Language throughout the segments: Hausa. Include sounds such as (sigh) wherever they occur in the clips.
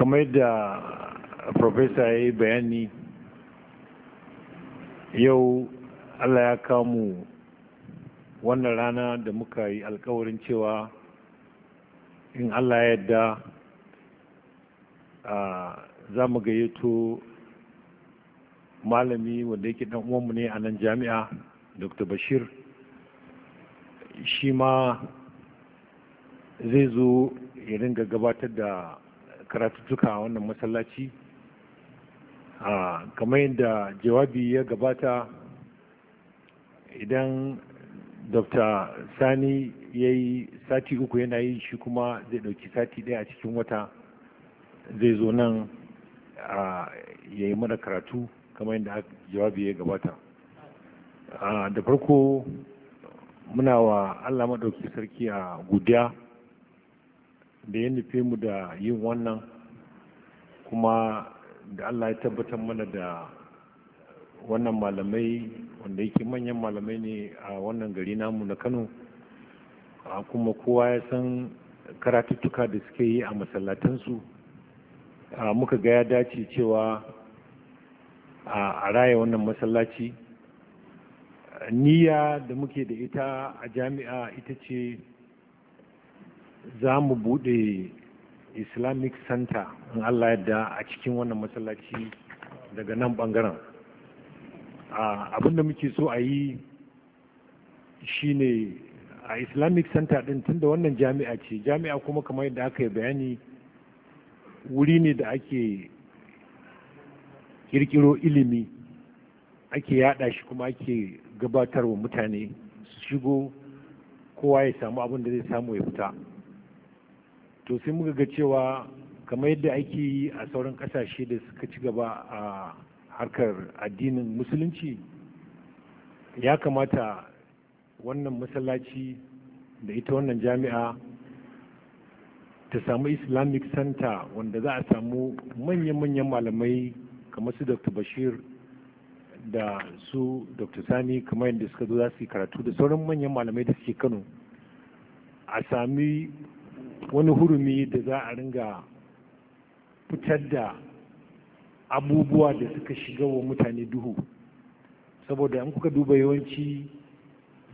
kamar da profesa ya yi bayani yau allah ya kamu wannan rana da muka yi alkawarin cewa in allah ya yadda za mu gayyato malami wanda yake dan uwanmu ne a nan jami'a dr bashir shi ma zai zo ya ringa gabatar da karatuttuka a wannan masallaci kamar yadda jawabi ya gabata idan dr sani ya yi sati uku yana yi shi kuma zai dauki sati daya a cikin wata zai zo nan ya yi mana karatu kamar yadda jawabi ya gabata da farko muna wa allah maɗauki sarki a gudiya da ya nufe mu da yin wannan kuma da allah ya tabbatar mana da wannan malamai wanda yake manyan malamai ne a wannan gari namu na kano kuma kowa ya san karatuttuka da suke yi a masallatansu muka ga ya dace cewa a raya wannan masallaci niyya da muke da ita a jami'a ita ce za mu bude islamic center in allah yadda a cikin wannan masallaci daga nan bangaren abinda muke so a yi shine a islamic center din tunda wannan jami'a ce jami'a kuma kamar yadda aka yi bayani wuri ne da ake kirkiro ilimi ake yada shi kuma ake gabatarwa mutane su shigo kowa ya samu abin da zai samu ya fita to sai muka ga cewa kamar yadda ake yi a sauran kasashe da suka ci gaba a harkar addinin musulunci ya kamata wannan masallaci da ita wannan jami'a ta samu islamic center wanda za a samu manyan manyan malamai kamar su dr bashir da su dr sani kamar yadda suka zo za su yi karatu da sauran manyan malamai da suke kano a sami wani hurumi da za a ringa fitar da abubuwa da suka shiga wa mutane duhu saboda in kuka duba yawanci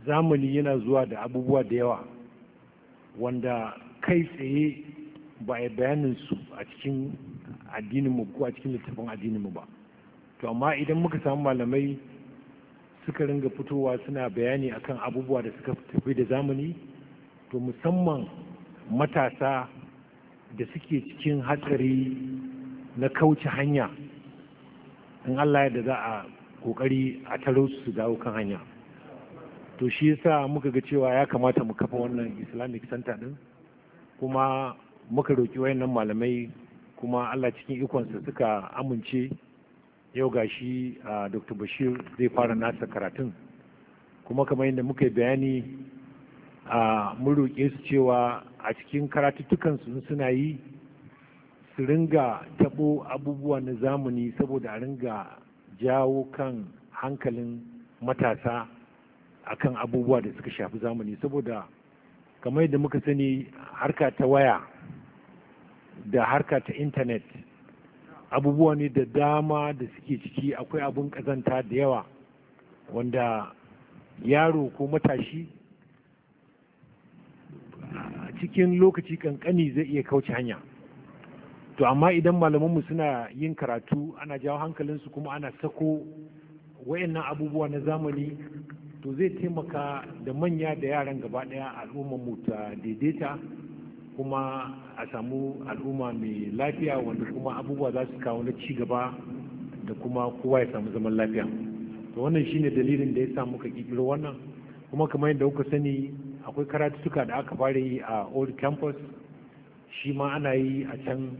zamani yana zuwa da abubuwa da yawa wanda kai tsaye ba a bayanin su a cikin addininmu ko a cikin littafin addininmu ba to amma idan muka samu malamai suka ringa fitowa suna bayani akan abubuwa da suka tafi da zamani to musamman matasa da suke cikin hatsari na kauce hanya in allah ya da za a kokari a taro su dawo kan hanya to shi yasa muka ga cewa ya kamata mu kafa wannan islamic center din kuma muka roki wayannan malamai kuma allah cikin ikonsa suka amince yau ga shi dr bashir zai fara nasa karatun kuma kamar yadda muka yi bayani mun roƙe su cewa a cikin karatuttukansu suna yi su ringa tabo abubuwa na zamani saboda a ringa jawo kan hankalin matasa akan abubuwa da suka shafi zamani saboda kamar da muka sani harka ta waya da harka ta intanet abubuwa ne da dama da suke ciki akwai abun kazanta da yawa wanda yaro ko matashi cikin lokaci kankani zai iya kauce hanya to amma idan malamanmu suna yin karatu ana jawo hankalinsu kuma ana sako wayannan abubuwa na zamani to zai taimaka da manya da yaran gaba daya al'ummar mu ta daidaita kuma a samu al'umma mai lafiya wanda kuma abubuwa za su kawo na ci gaba da kuma kowa ya samu zaman lafiya to wannan shine dalilin da ya sa muka kikiro wannan kuma kamar yadda kuka sani akwai karatuka da aka fara yi a old campus shi ma ana yi a can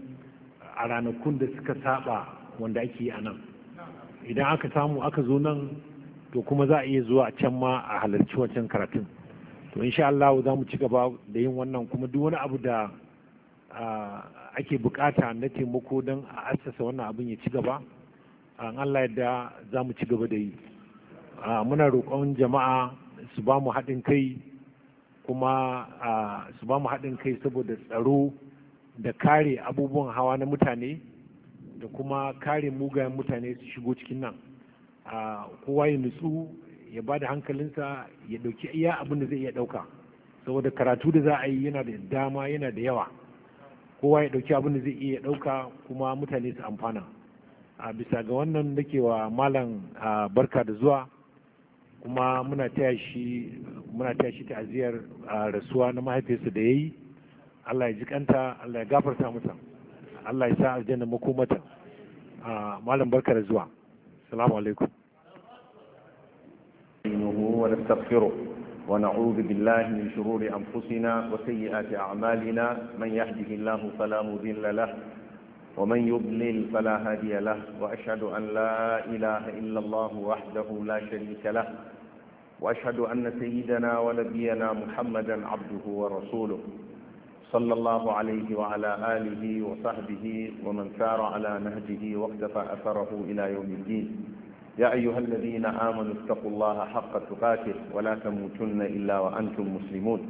a ranakun da suka saba wanda ake yi a nan idan aka samu aka zo nan to kuma za a iya zuwa a can ma a halarci wancan karatun to insha Allah za mu ci gaba da yin wannan kuma duk wani abu da ake bukata na taimako don a assasa wannan abin ya ci gaba an Allah yadda za mu ci gaba da yi muna roƙon jama'a su ba mu haɗin kai kuma su ba mu haɗin kai saboda tsaro da kare abubuwan hawa na mutane da kuma kare mugayen mutane su shigo cikin nan kowa ya nutsu ya ba da hankalinsa ya ɗauki iya abin da zai iya ɗauka saboda karatu da za a yi yana da dama yana da yawa kowa ya ɗauki abin da zai iya ɗauka kuma mutane su amfana a bisa ga wannan nake wa malam barka da zuwa kuma muna taya shi muna taya shi ta'aziyar rasuwa na mahaifinsa da ya yi. Allah ya ji kanta Allah ya gafarta mata Allah ya sa aljanna makomata malam barka da zuwa assalamu alaikum ونستغفره ونعوذ بالله من شرور أنفسنا وسيئات أعمالنا من يهده الله فلا مضل له ومن يضلل فلا هادي له وأشهد أن لا إله إلا الله وحده لا شريك له وأشهد أن سيدنا ونبينا محمدا عبده ورسوله صلى الله عليه وعلى آله وصحبه ومن سار على نهجه واقتفى أثره إلى يوم الدين يا أيها الذين آمنوا اتقوا الله حق تقاته ولا تموتن إلا وأنتم مسلمون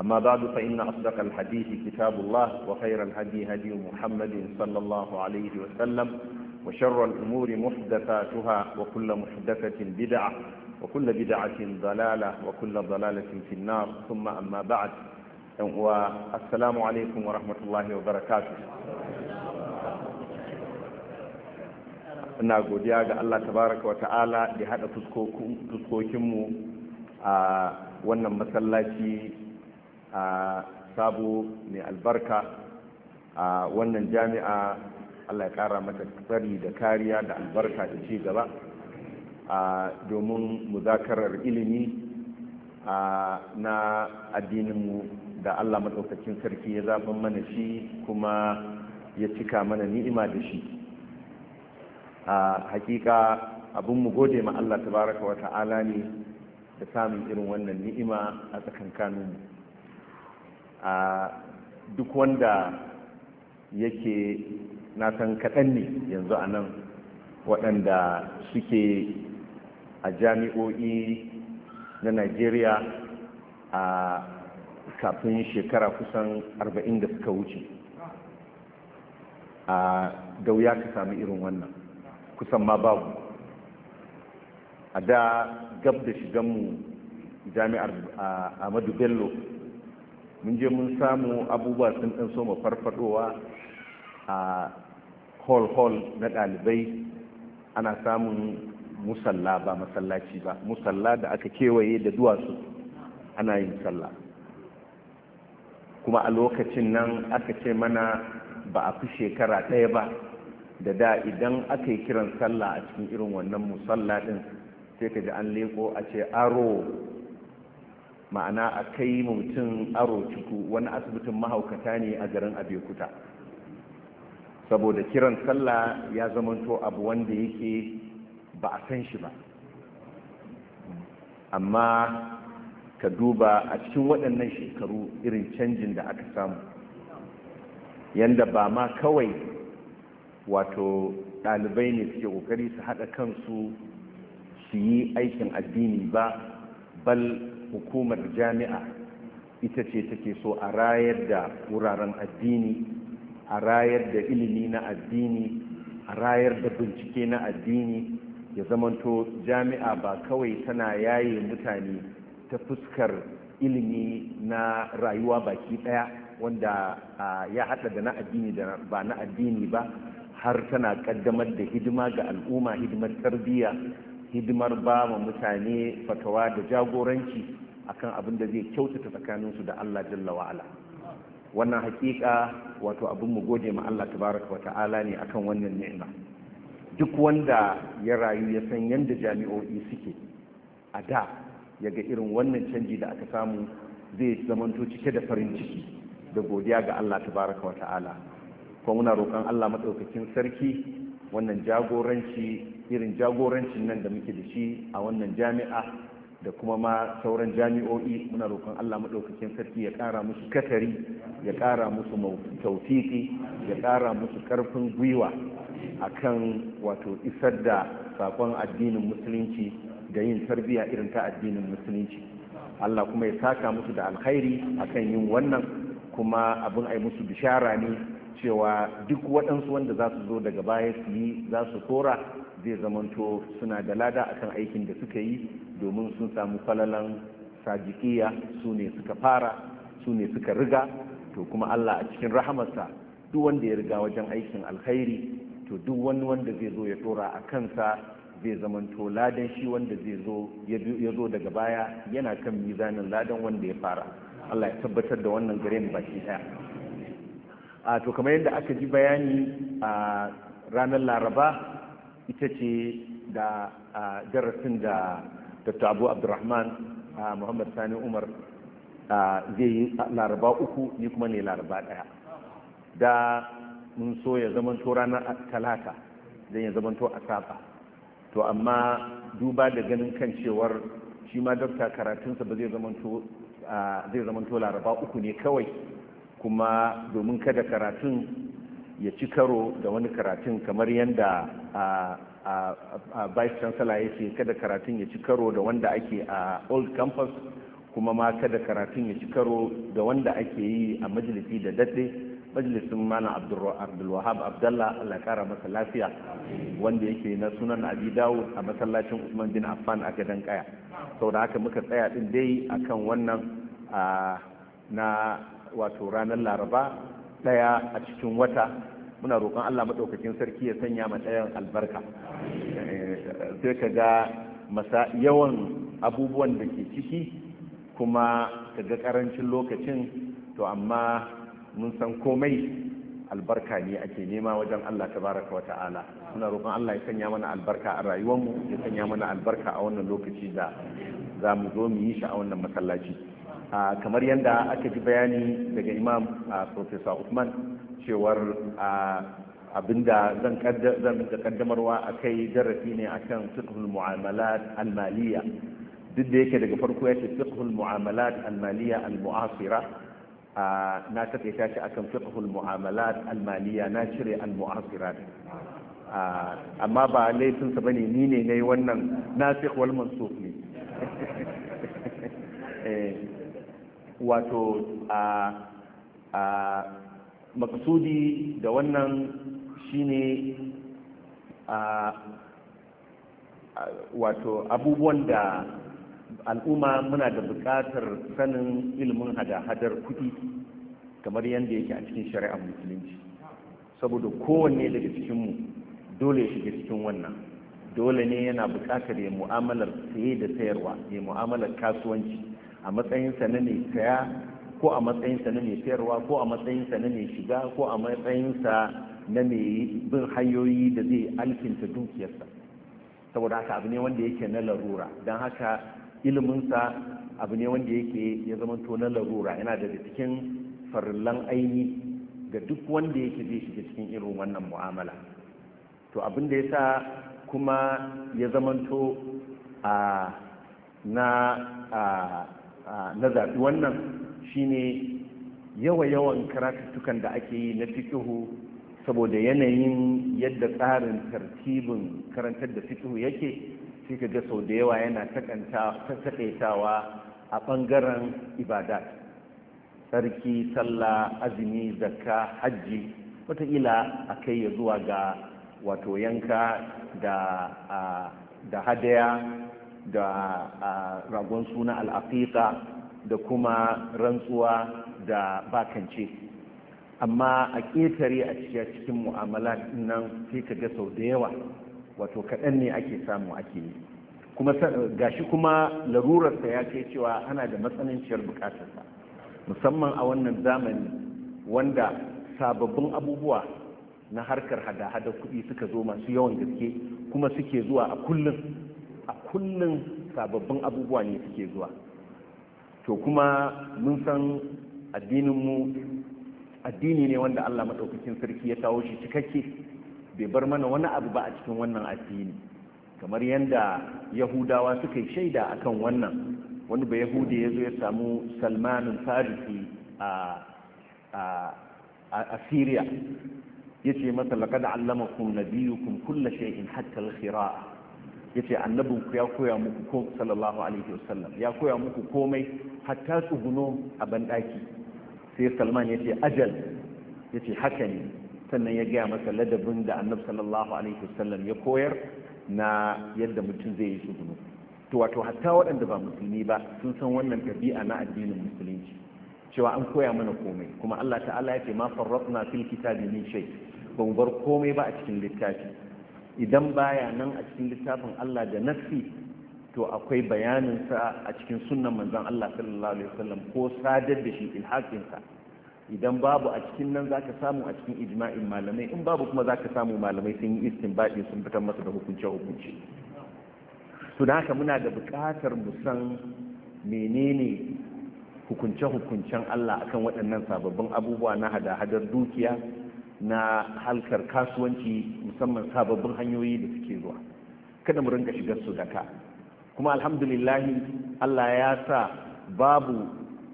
أما بعد فإن أصدق الحديث كتاب الله وخير الهدي هدي محمد صلى الله عليه وسلم وشر الأمور محدثاتها وكل محدثة بدعة وكل بدعة ضلالة وكل ضلالة في النار ثم أما بعد والسلام عليكم ورحمة الله وبركاته ina godiya ga Allah tabaraka wa ta'ala da hada وانا a wannan masallaci a sabo mai albarka a wannan jami'a allah ya kara mata tsari da kariya da albarka da ci gaba a domin muzakarar ilimi a na addininmu da allah matsaukacin sarki ya zaɓin mana shi kuma ya cika mana ni'ima da shi a hakika abin mu gode ma allah ta baraka wata ala ne da samun irin wannan ni'ima a tsakankaninmu a duk wanda yake na san kaɗan ne yanzu a nan waɗanda suke a jami'o'i na najeriya a kafin shekara kusan arba'in da suka wuce a da wuya ka sami irin wannan kusan ma babu a da gab da shiganmu jami'ar amadu bello mun je mun samu abubuwa sun ɗan so ma farfadowa a hall-hall na ɗalibai ana samun musalla ba masallaci ba musalla da aka kewaye da duwatsu ana yin sallah kuma a lokacin nan aka ce mana ba a fi shekara ɗaya ba da da idan aka yi kiran sallah a cikin irin wannan musalla ɗin sai ka ji an leko a ce aro ma'ana a kai mutum aro cuku wani asibitin mahaukata ne a garin abekuta saboda kiran sallah ya zamanto abu wanda yake ba a san shi ba amma ka duba a cikin waɗannan shekaru irin canjin da aka samu Yadda ba ma kawai wato ɗalibai ne suke ƙoƙari su haɗa kansu su yi aikin addini ba bal hukumar jami'a ita ce take so a rayar da wuraren addini a rayar da ilimi na addini a rayar da bincike na addini ya zamanto jami'a ba kawai tana yaye mutane ta fuskar ilimi na rayuwa baki daya wanda ya hada da na addini da ba na addini ba har tana kaddamar da hidima ga al'umma hidimar tarbiyya hidimar ba mutane fatawa da jagoranci akan abin da zai kyautata tsakaninsu da Allah jalla wa'ala wannan hakika wato abin mu gode ma Allah tabaraka wa ta'ala ne akan wannan ni'ima duk wanda ya rayu ya san yadda jami'o'i suke a da yaga irin wannan canji da aka samu zai zamanto cike da farin ciki da godiya ga Allah tabaraka wa ta'ala kuma muna roƙon Allah madaukakin sarki wannan jagoranci irin jagorancin nan da muke da shi a wannan jami'a da kuma ma sauran jami'o'i muna roƙon Allah maɗaukakin sarki ya ƙara musu katari ya ƙara musu tautiki ya ƙara musu ƙarfin gwiwa akan wato isar da saƙon addinin musulunci da yin tarbiyya irin ta addinin musulunci Allah kuma ya saka musu da alkhairi akan yin wannan kuma abin ai musu bishara ne cewa duk waɗansu wanda za su zo daga baya su yi za su tsora zai zamanto suna da lada akan aikin da suka yi domin sun samu falalan sajikiya su ne suka fara su ne suka riga to kuma Allah a cikin rahamarsa duk wanda ya riga wajen aikin alkhairi to duk wani wanda zai zo ya dora a kansa zai zamanto ladan shi wanda zai zo ya zo daga baya yana kan mizanin ladan wanda ya fara Allah ya tabbatar da wannan gare mu baki daya a to kamar yadda aka ji bayani a ranar laraba ita ce da darasin da dr abu abdurrahman muhammad sani umar zai yi laraba uku ni kuma ne laraba daya da mun so ya zamanto ranar talata zai ya zamanto a saba to amma duba da ganin kan cewar shi ma dr karatunsa ba zai zamanto laraba uku ne kawai kuma domin kada karatun ya ci karo da wani karatun kamar yadda vice chancellor ya ce kada karatun ya ci karo da wanda ake a old campus kuma ma kada karatun ya ci karo da wanda ake yi a majalisi da daɗe majalisin mana abdulwahab abdallah allah kara masa lafiya wanda yake na sunan abi dawo a masallacin usman bin affan a gadon kaya sau da haka muka tsaya ɗin dai akan wannan na wato ranar laraba ɗaya a cikin wata muna roƙon Allah maɗaukakin sarki ya sanya ma ɗayan albarka eh, sai ka ga masa yawan abubuwan da ke ciki kuma ka ga ƙarancin lokacin to amma mun san komai albarka ne ake nema wajen Allah tabaraka wa ta'ala muna roƙon Allah ya sanya mana albarka a rayuwarmu ya sanya mana albarka a wannan lokaci da za mu zo mu yi shi a wannan masallaci kamar yadda aka ji bayani daga imam professor Uthman cewar abinda zan da kaddamarwa a kai darasi ne akan fiqhul mu'amalat al-maliya duk da yake daga farko ya ce fiqhul mu'amalat al-maliya al-mu'asira na ta shi akan fiqhul mu'amalat al-maliya na cire al-mu'asira amma ba laifinsa ba ne ni ne na yi wannan nasikh wal mansukh ne (laughs) eh. wato a a maksudi da wannan shine a wato abubuwan da al'umma muna da buƙatar sanin ilimin hada-hadar kuɗi kamar yadda yake a cikin shari'ar musulunci saboda kowanne daga cikinmu dole ya shiga cikin wannan dole ne yana buƙatar ya mu'amalar saye da sayarwa ya mu'amalar kasuwanci a matsayinsa na mai saya ko a matsayinsa na mai sayarwa ko a matsayinsa na mai shiga ko a matsayinsa na mai bin hanyoyi da zai alkinta dukiyarsa saboda haka abu ne wanda yake na larura don haka iliminsa abu ne wanda yake ya zamanto na larura yana da cikin farillan aini ga duk wanda yake zai shiga cikin irin wannan mu'amala to abin da ya sa kuma ya zamanto a ah, na ah, na zaɓi wannan shine yawa-yawan karatattukan da ake yi na fikihu saboda yanayin yadda tsarin tartibin karantar da fikihu yake sai ka ga sau da yawa yana takaitawa a ɓangaren ibada tsarki sallah azumi zakka hajji wataƙila a kai ya zuwa ga wato yanka da hadaya da ragon suna al'afiƙa da kuma rantsuwa da bakance amma a ƙetare a cikin mu'amala nan sai ka ga sau da yawa wato kaɗan ne ake samu ake yi kuma gashi kuma larurarsa ya kai cewa ana da matsananciyar bukatarsa musamman a wannan zamani wanda sababbin abubuwa na harkar hada-hada kuɗi suka zo masu yawan gaske kuma suke zuwa a kullum a kullum sababbin abubuwa ne suke zuwa to kuma mun san addininmu addini ne wanda Allah maɗaukakin sarki ya kawo shi cikakke bai bar mana wani abu ba a cikin wannan addini kamar yadda yahudawa suka yi shaida akan wannan wani ba yahudi ya zo ya samu salmanin farisi a a syria ya ce masa laƙada allama kun kun kulla shay'in hatta al-khira'a yace annabin ya koya muku ko sallallahu alaihi wasallam ya koya muku komai hatta tsuguno a banɗaki sai salman yace ajal yace haka ne sannan ya gaya masa ladabin da annab sallallahu alaihi wasallam ya koyar na yadda mutum zai yi tsuguno to wato hatta waɗanda ba musulmi ba sun san wannan ɗabi'a na addinin musulunci cewa an koya mana komai kuma Allah ta'ala ya ce ma farratna fil kitabi min shay mu bar komai ba a cikin littafi idan baya nan a cikin littafin Allah da nafsi to akwai bayaninsa a cikin sunnan manzon Allah sallallahu alaihi wasallam ko sadar da shi ilhakinsa idan babu a cikin nan zaka samu a cikin ijma'in malamai in babu kuma zaka samu malamai sun yi istinbadi sun fitar masa da hukunce hukunci su haka muna da buƙatar mu san menene hukunce hukuncen Allah akan waɗannan sababbin abubuwa na hada-hadar dukiya na halkar kasuwanci musamman sababbin hanyoyi da suke zuwa kada mu rinka shigar su daka kuma alhamdulillahi Allah ya sa babu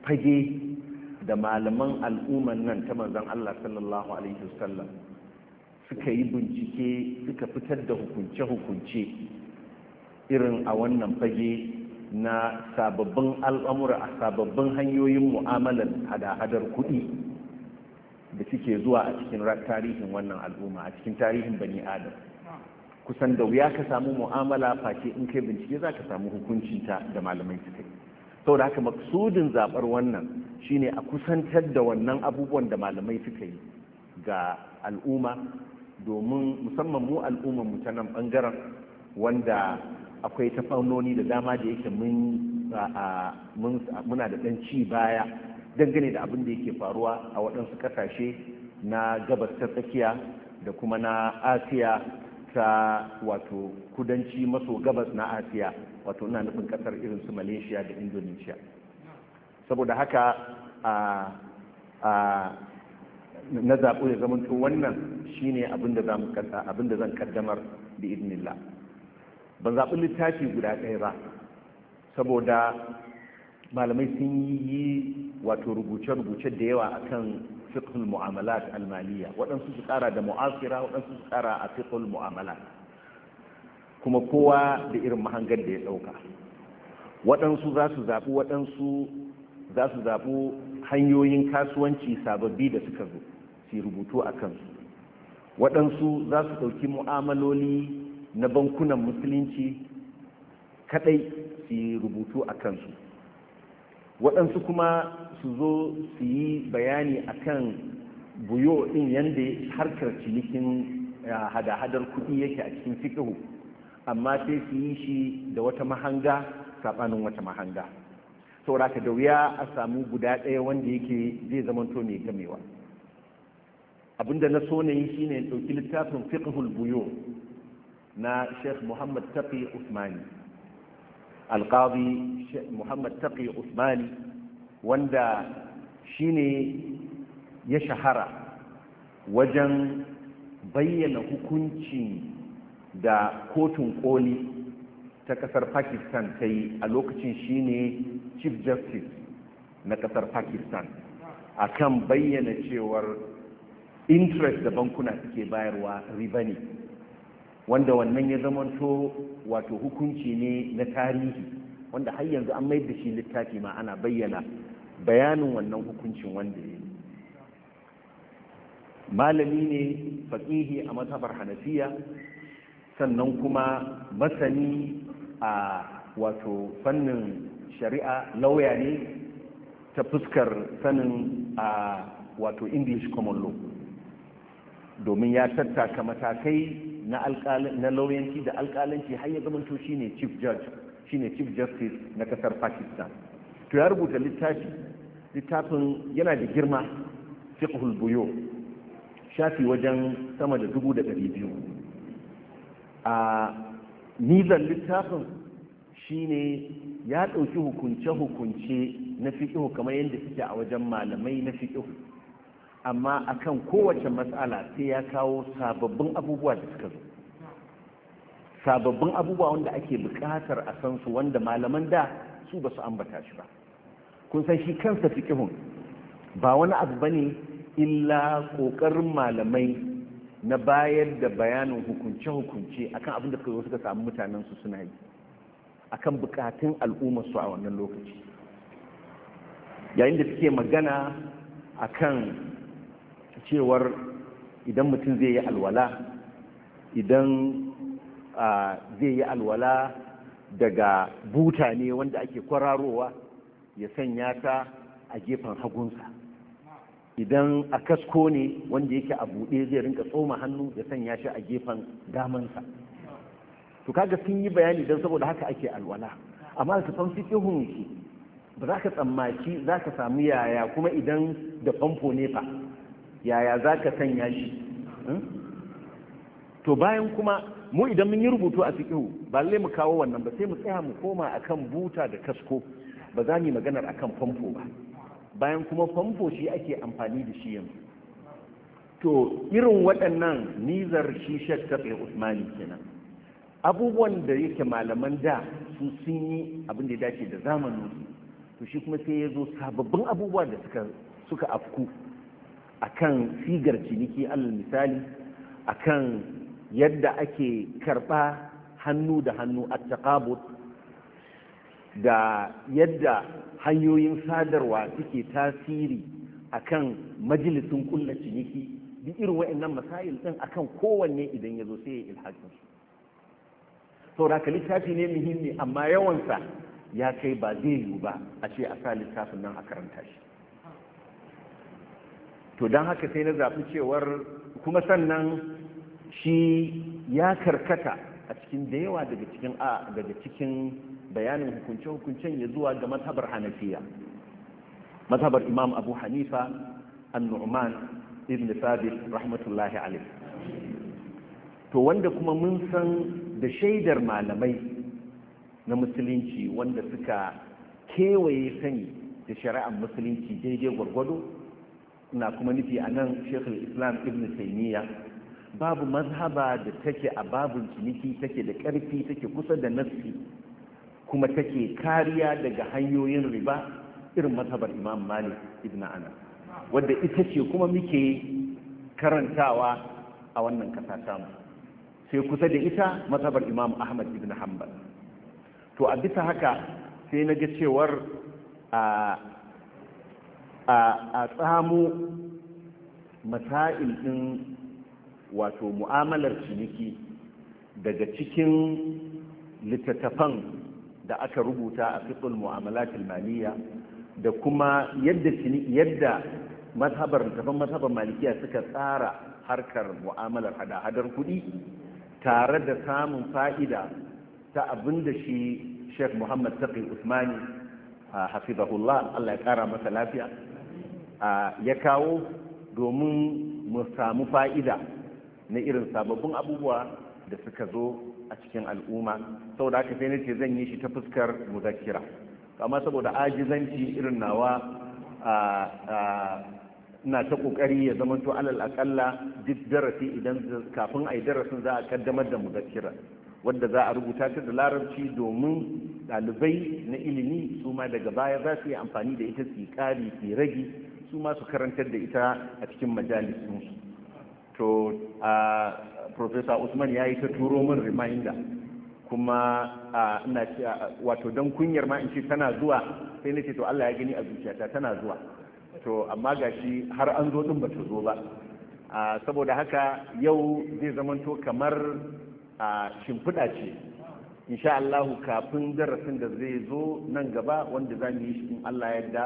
fage da malaman al'umman nan ta manzon Allah sallallahu alaihi wasallam suka yi bincike suka fitar da hukunce-hukunce irin a wannan fage na sababbin al'amura a sababbin hanyoyin mu'amalar hada-hadar kuɗi da suke zuwa a cikin tarihin wannan al'umma a cikin tarihin bani adam kusan da wuya ka samu mu'amala face in kai bincike za ka samu hukuncinta da malamai suka yi saboda haka maksudin zaɓar wannan shine a kusantar da wannan abubuwan da malamai suka yi ga al'umma domin musamman mu al'umman mu ta nan bangaren wanda akwai ta da dama da yake muna da ɗan ci baya dangane da abin da yake faruwa a waɗansu ƙasashe na gabas ta tsakiya da kuma na asiya ta wato kudanci maso gabas na asiya wato ina nufin ƙasar irin su malaysia da indonesia saboda haka a na zaɓo ya zamanto wannan shine abin da zan kaddamar da idinillah ban zaɓi littafi guda ɗaya ba saboda malamai sun yi wato rubuce-rubuce da yawa akan fiqhul mu'amalat almaliya waɗansu su ƙara da mu'asira waɗansu su ƙara a fiqhul mu'amalat kuma kowa da irin mahangar da ya ɗauka waɗansu za su zaɓi waɗansu za su zaɓi hanyoyin kasuwanci sababbi da suka zo su rubutu a kansu waɗansu za su ɗauki mu'amaloli na bankunan musulunci kaɗai su rubutu a kansu waɗansu kuma su zo su yi bayani a kan buyo ɗin yadda harkar cinikin hada-hadar kuɗi yake a cikin fiƙihu amma sai su yi shi da wata mahanga saɓanin wata mahanga sauraka da wuya a samu guda ɗaya wanda yake zai zamanto mai gamewa abinda na so na yi shine ɗauki littafin fiqhul buyo na sheikh muhammad taqi usmani alkazi muhammad taqi usmani wanda shine ya shahara wajen bayyana hukunci da kotun koli ta ƙasar pakistan ta yi a lokacin shine chief justice na ƙasar pakistan a kan bayyana cewar interest da bankuna suke bayarwa riba ne wanda wannan ya zamanto wato hukunci ne na tarihi wanda har yanzu an mai da shi littafi ma ana bayyana bayanin wannan hukuncin wanda ya malami ne faƙihi a matafar hanafiya sannan kuma masani a wato fannin shari'a lauya ne ta fuskar sanin a wato english common law domin ya tattaka matakai na lauyanci da alkalanci har ya zamanto shine chief judge shine chief justice na kasar Pakistan to ya rubuta littafi littafin yana da girma fiqhul buyo shafi wajen sama da dubu da ɗari biyu a nizan littafin shine ya ɗauki hukunce-hukunce na fiƙihu kamar yadda suke a wajen malamai na fiƙihu amma akan kowace matsala sai ya kawo sababbin abubuwa da suka zo sababbin abubuwa wanda ake bukatar a san su wanda malaman da su ba su ambata shi ba kun san shi kansa fiqhun ba wani abu bane illa kokarin malamai na bayar da bayanin hukunce-hukunce akan abin da suka zo suka samu mutanen su suna yi akan bukatun al'ummar su a wannan lokaci yayin da suke magana akan cewar idan mutum zai yi alwala idan zai yi alwala daga buta ne wanda ake kwararowa ya sanya ta a gefen hagunsa idan a kasko ne wanda yake a buɗe zai rinka tsoma hannu ya sanya shi a gefen damansa to kaga sun yi bayani don saboda haka ake alwala amma da san fiƙihun ba za ka tsammaci za ka samu yaya kuma idan da famfo ne fa yaya za ka sanya shi hmm? to bayan kuma mu idan mun yi rubutu a fiƙihu ba lai mu kawo wannan ba sai mu tsaya mu koma akan buta da kasko ba za mu yi maganar akan famfo ba bayan kuma famfo shi ake amfani da shi yanzu to irin waɗannan nizar shi shattaɓe usmani kenan abubuwan da yake malaman da su sun yi abin da ya dace da zamanin to shi kuma sai ya zo sababbin abubuwa da suka afku akan sigar ciniki alal misali akan yadda ake karba hannu da hannu a taqabut da yadda hanyoyin sadarwa suke tasiri akan majalisun kulla ciniki duk irin wa'annan masail din akan kowanne idan ya zo sai ya ilhakin su sauraka littafi ne muhimmi amma yawansa ya kai ba zai yiwu ba a ce a sa littafin nan a karanta shi to don haka sai na zafi cewar kuma sannan shi ya karkata a cikin da yawa daga cikin a daga cikin bayanin hukunce-hukuncen ya zuwa ga mazhabar hanafiya mazhabar imam abu hanifa annu'man ibn sabit rahmatullahi alif to wanda kuma mun san da shaidar malamai na musulunci wanda suka kewaye sani da shari'ar musulunci daidai gwargwado na kuma nufi a nan shekul islam ibn taimiyya babu mazhaba da take a babun ciniki take da ƙarfi take kusa da nassi kuma take kariya daga hanyoyin riba irin mazhabar imam malik ibn Ana, wadda ita ce kuma muke karantawa a wannan kasa tamu sai kusa da ita mazhabar imam ahmad ibn hanbal to a bisa haka sai na ga cewar a ah, a tsamo masail ɗin wato mu'amalar ciniki daga cikin littattafan da aka rubuta a fitul mu'amalatul maliya da kuma yadda yadda mazhabar littattafan mazhabar malikiya suka tsara harkar mu'amalar hada-hadar kuɗi tare da samun fa'ida ta abin da shi sheikh muhammad taqi usmani hafizahullah allah ya kara masa lafiya ya kawo domin mu samu fa'ida na irin sababbin abubuwa da suka zo a cikin al'umma saboda haka sai ce zan yi shi ta fuskar muzakira kama saboda ajizanci irin nawa ina ta ƙoƙari ya zama to alal akalla duk darasi idan kafin a yi darasin za a kaddamar da muzakira wanda za a rubuta ta da larabci domin ɗalibai na ilimi su ma daga baya za su yi amfani da ita su yi ƙari su ragi su masu karantar da ita a cikin su to a professor usman ya yi ta turo min reminder kuma ina ce wato don kunyar ma in ce tana zuwa sai na to Allah ya gani a zuciyata tana zuwa to amma gashi har an zo din ba ta zo ba saboda haka yau zai zamanto kamar shimfiɗa ce insha Allahu kafin darasin da zai zo nan gaba wanda zan yi shi in Allah ya yarda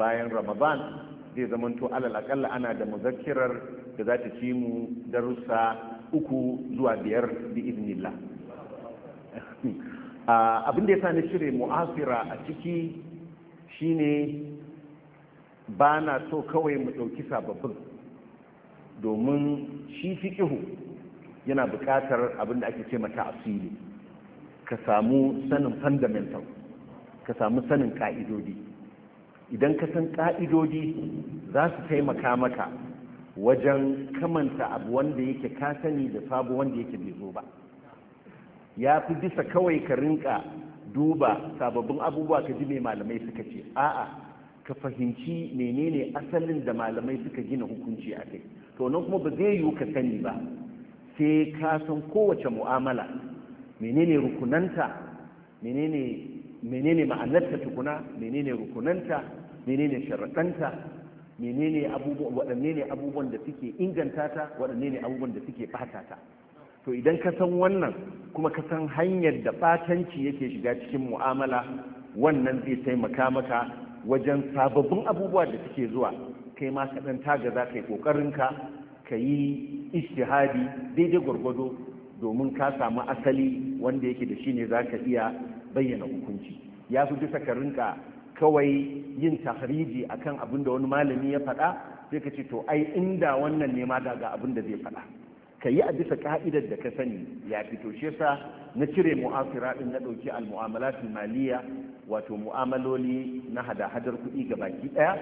bayan Ramadan zai zamanto alal akalla ana da muzakkirar da za ta ci mu darussa uku zuwa biyar bi iznillah (laughs) abin da ya sa ni shirya mu'asira a ciki shine ba na so kawai mu ɗauki sababbin domin shi fiƙihu yana buƙatar abin da ake ce mata asili ka samu sanin fundamental ka samu sanin ƙa'idodi idan ka san ƙa'idodi za su taimaka maka wajen kamanta abu wanda yake ka sani da sabu wanda yake bai ba ya fi bisa kawai ka rinka duba sababbin abubuwa ka ji mai malamai suka ce a'a ka fahimci menene asalin da malamai suka gina hukunci a kai to nan kuma ba zai yiwu ka sani ba sai ka san kowace mu'amala menene rukunanta menene menene ma'anarta tukuna menene rukunanta menene sharaɗanta menene abubuwan waɗanne ne abubuwan da suke inganta ta waɗanne ne abubuwan da suke ɓata ta to idan ka san wannan kuma ka san hanyar da ɓatanci yake shiga cikin mu'amala wannan zai taimaka maka wajen sababbin abubuwa da suke zuwa kai ma kaɗan ta taga za ka yi ƙoƙarinka ka yi ishtihadi daidai gwargwado domin ka samu asali wanda yake da shi ne za ka iya bayyana hukunci ya fi bisa ka rinka kawai yin tahriji akan abin da wani malami ya faɗa sai ka ce to ai inda wannan ne ma daga abin da zai faɗa ka yi a bisa ka'idar da ka sani ya fito shi yasa na cire mu'asira din na ɗauki al-mu'amalat maliya wato mu'amaloli na hada-hadar kuɗi ga baki ɗaya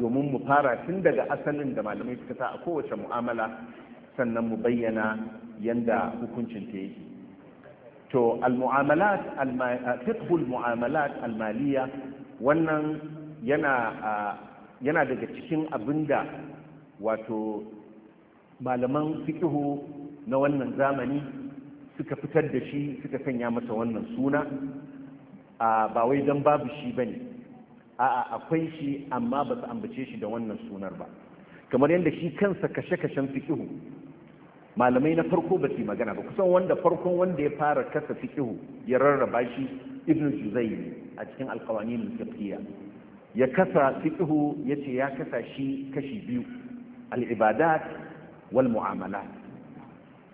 domin mu fara tun daga asalin da malamai suka sa a kowace mu'amala sannan mu bayyana yanda hukuncin ta yake to al-mu'amalat uh, fiqhul mu'amalat wannan yana uh, yana daga cikin abinda wato malaman fiqhu na wannan zamani suka fitar da shi suka sanya masa wannan suna uh, ba wai don babu shi bane a'a akwai shi amma ba su ambace shi da wannan sunar ba kamar yadda shi kansa kashe-kashen fiqhu malamai na farko ba su magana ba kusan wanda farkon wanda ya fara kasa fiqhu ya rarraba shi ibn juzayy a cikin alqawanin fiqhiyya ya kasa fiqhu yace ya kasa shi kashi biyu al ibadat wal mu'amalat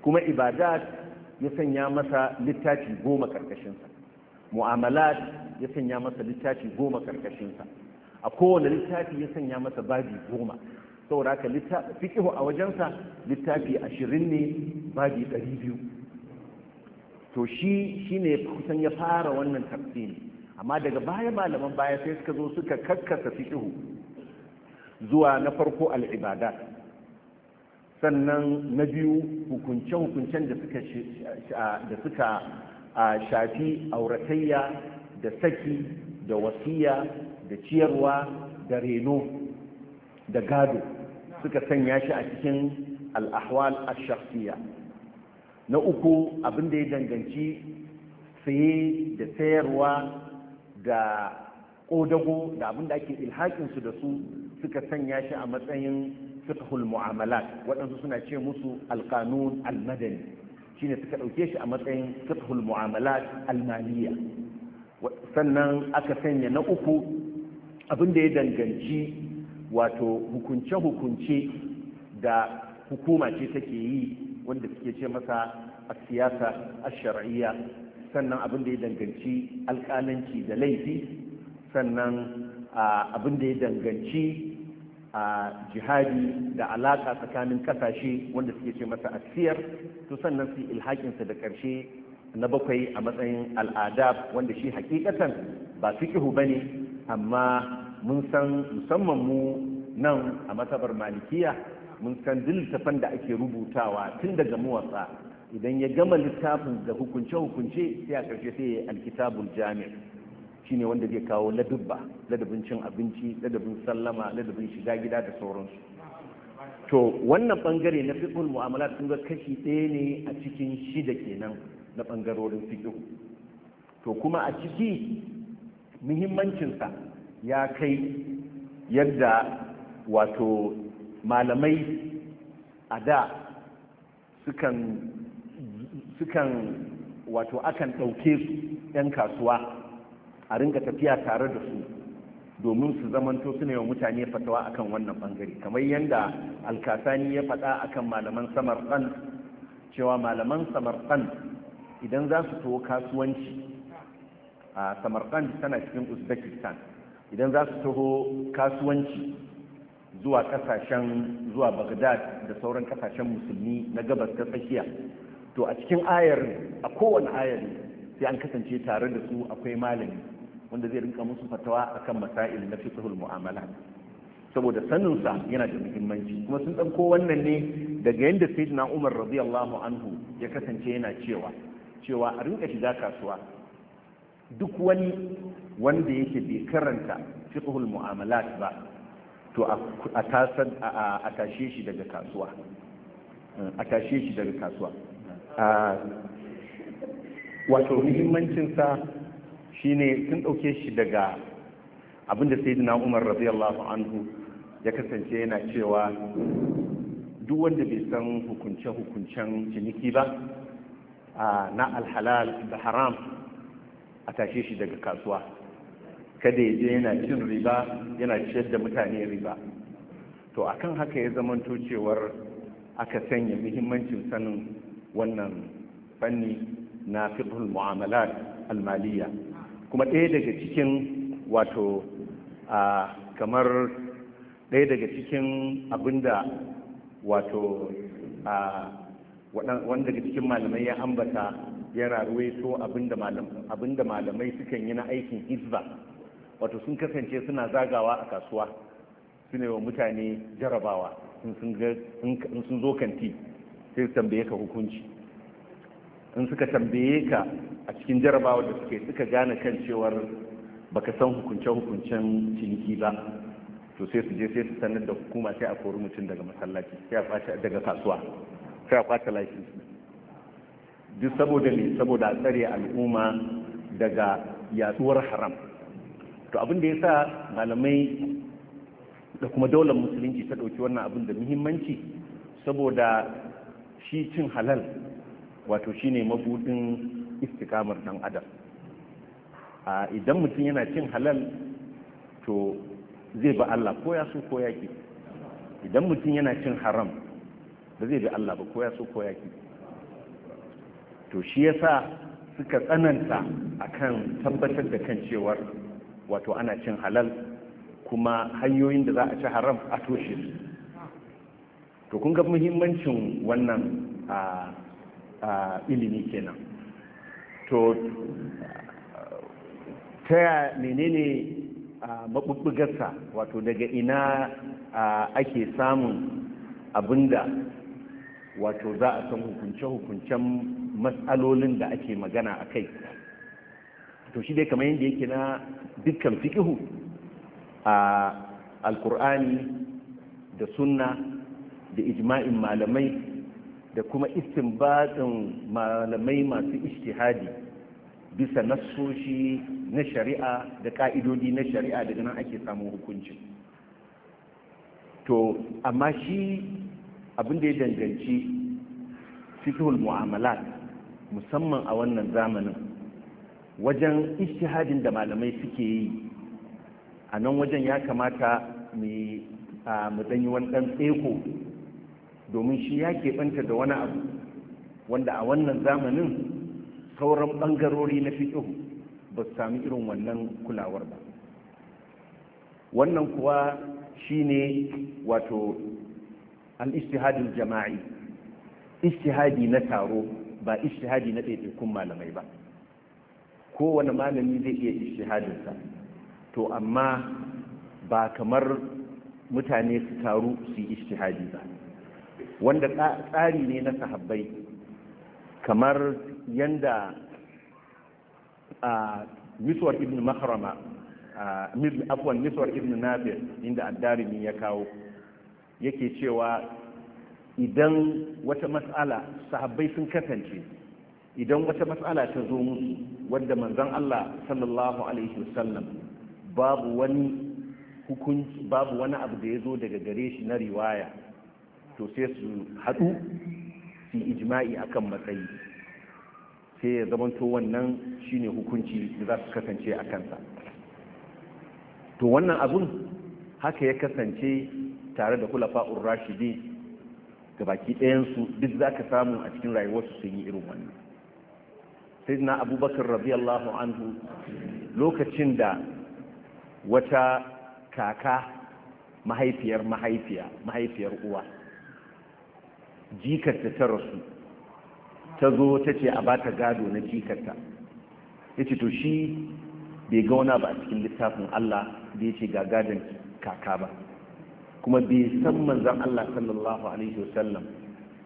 kuma ibadat ya sanya masa littafi goma karkashinsa mu'amalat ya sanya masa littafi goma karkashinsa a kowane littafi ya sanya masa babi goma saboda haka fiqhu a wajensa littafi ashirin ne babi ɗari biyu to shi shine kusan ya fara wannan tafsiri amma daga baya malaman baya sai suka zo suka kakkasa fiqhu zuwa na farko al'ibada, sannan na biyu hukunce-hukuncen da suka shafi auratayya da saki da wasiya da ciyarwa da reno da gado suka sanya shi a cikin al'ahwal a shafiya na uku abinda ya danganci saye da sayarwa da ƙodago da abin da ake ilhaƙinsu da su suka sanya shi a matsayin fiqhul mu'amalat waɗansu suna ce musu alƙanun almadani shine suka ɗauke shi a matsayin fiqhul mu'amalat almaliya sannan aka sanya na uku abinda ya danganci wato hukunce-hukunce da hukuma ce take yi wanda suke ce masa a siyasa a shari'a sannan abin da ya danganci alƙalanci da laifi sannan abin da ya danganci a jihadi da alaƙa tsakanin ƙasashe wanda suke ce masa siyar to sannan su ilhakinsa da ƙarshe na bakwai a matsayin al'adab wanda shi hakikatan ba fiƙihu ba ne amma mun san musamman mu nan a matsabar malikiya mun san duk littafan da ake rubutawa tun daga muwatsa idan ya gama littafin da hukunce-hukunce sai a ƙarshe sai ya alkitabul jami' shine wanda zai kawo ladubba ladabin cin abinci ladabin sallama ladabin shiga gida da sauransu to wannan bangare na fiqhul mu'amalat sun ga kashi ɗaya ne a cikin shida kenan na bangarorin fiqh to kuma a ciki muhimmancinsa ya kai yadda wato malamai a da sukan wato akan ɗauke su 'yan kasuwa a ringa tafiya tare da su domin su zamanto suna yi wa mutane fatawa akan wannan bangare kamar yadda alkasani ya faɗa akan malaman samarkand cewa malaman samarkand idan za su to kasuwanci a samarkand tana cikin uzbekistan idan za su taho kasuwanci zuwa kasashen zuwa bagdad da sauran kasashen musulmi na gabas ta tsakiya to a cikin ayar a kowane ayar sai an kasance tare da su akwai malami wanda zai rinka musu fatawa akan masail na fiqhul mu'amala saboda saninsa yana da muhimmanci kuma sun ɗauko wannan ne daga yadda sayyidina umar radiyallahu anhu ya kasance yana cewa cewa a rinka shiga kasuwa duk wani wanda yake bai karanta fiqhul mu'amalat ba to a tashe shi daga kasuwa a tashe shi daga kasuwa wato muhimmancinsa shine sun ɗauke shi daga abinda sayyidina umar radiyallahu anhu ya kasance yana cewa duk wanda bai san hukunce-hukuncen ciniki ba na alhalal da haram a tashe shi daga kasuwa kada ya je yana cin riba yana ciyar da mutane riba to akan haka ya zama cewar aka sanya muhimmancin sanin wannan fanni na mu'amala mu'amalat almaliya kuma ɗaya daga cikin wato a kamar ɗaya daga cikin abinda wato a wanda daga cikin malamai ya ambata yana ruwaito abinda malamai sukan yi na aikin izba wato sun kasance suna zagawa a kasuwa su ne wa mutane jarabawa in sun zo kanti sai su tambaye ka hukunci in suka tambaye ka a cikin jarabawa da suke suka gane kan cewar baka san hukunce-hukuncen ciniki ba to sai su je sai su sanar da hukuma sai a kori mutum daga masallaci sai a kwace daga kasuwa sai a kwace laifin duk saboda ne saboda tsare al'umma daga yaduwar haram to abin da ya sa malamai da kuma daular musulunci ta ɗauki wannan abin da muhimmanci saboda shi cin halal wato shine mabudin istikamar dan adam a idan mutum yana cin halal to zai ba Allah ko ya so ko yaki idan mutum yana cin haram ba zai bi Allah ba ko ya so ko yaki to shi yasa suka tsananta a kan tabbatar da kan cewar wato ana cin halal kuma hanyoyin da za a ci haram a toshe su to kun ga muhimmancin wannan a ilimi kenan to ta menene mabubbugarsa wato daga ina ake samun abinda wato za a san hukunce-hukuncen matsalolin da ake magana a kai to shi dai kamar yadda yake na dukkan fikihu a alkur'ani da sunna da ijma'in malamai da kuma batsin malamai masu ishtihadi bisa nassoshi na shari'a da ka'idodi na shari'a daga nan ake samun hukunci to amma shi abin da ya danganci fikihul mu'amalat musamman a wannan zamanin wajen ishihadin da malamai suke yi a nan wajen ya kamata mu danyi wani ɗan tseko domin shi ya keɓanta da wani abu wanda a wannan zamanin sauran ɓangarori na fito ba su sami irin wannan kulawar ba wannan kuwa shine wato al-istihadin jama'i istihadi na taro ba ishihadi na ɗaiɗaikun malamai ba kowane malami zai iya ishihadinsa to amma ba kamar mutane su taru su yi ishihadi ba wanda tsari ne na sahabbai kamar yanda a miswar ibn mahrama afwan miswar ibn nabir inda addarimi ya kawo yake cewa idan wata matsala sahabbai sun kasance idan wata matsala ta zo musu wadda manzon Allah sallallahu alaihi wasallam babu wani hukunci babu wani abu da ya zo daga gare shi na riwaya to sai su haɗu su ijma'i akan matsayi sai ya zamanto wannan shine hukunci da za su kasance a kansa to wannan abun haka ya kasance tare da kulafa'ur rashidi gabaki ɗayansu duk za ka samu a cikin rayuwarsu sun yi irin wannan sai na abubakar radiyallahu anhu lokacin da wata kaka mahaifiyar mahaifiya mahaifiyar uwa jikarta ta rasu ta zo ta ce a bata gado na jikarta ya ce to shi bai gauna ba a cikin littafin allah da ya ce ga gadon kaka ba kuma bai san manzan Allah sallallahu alaihi wasallam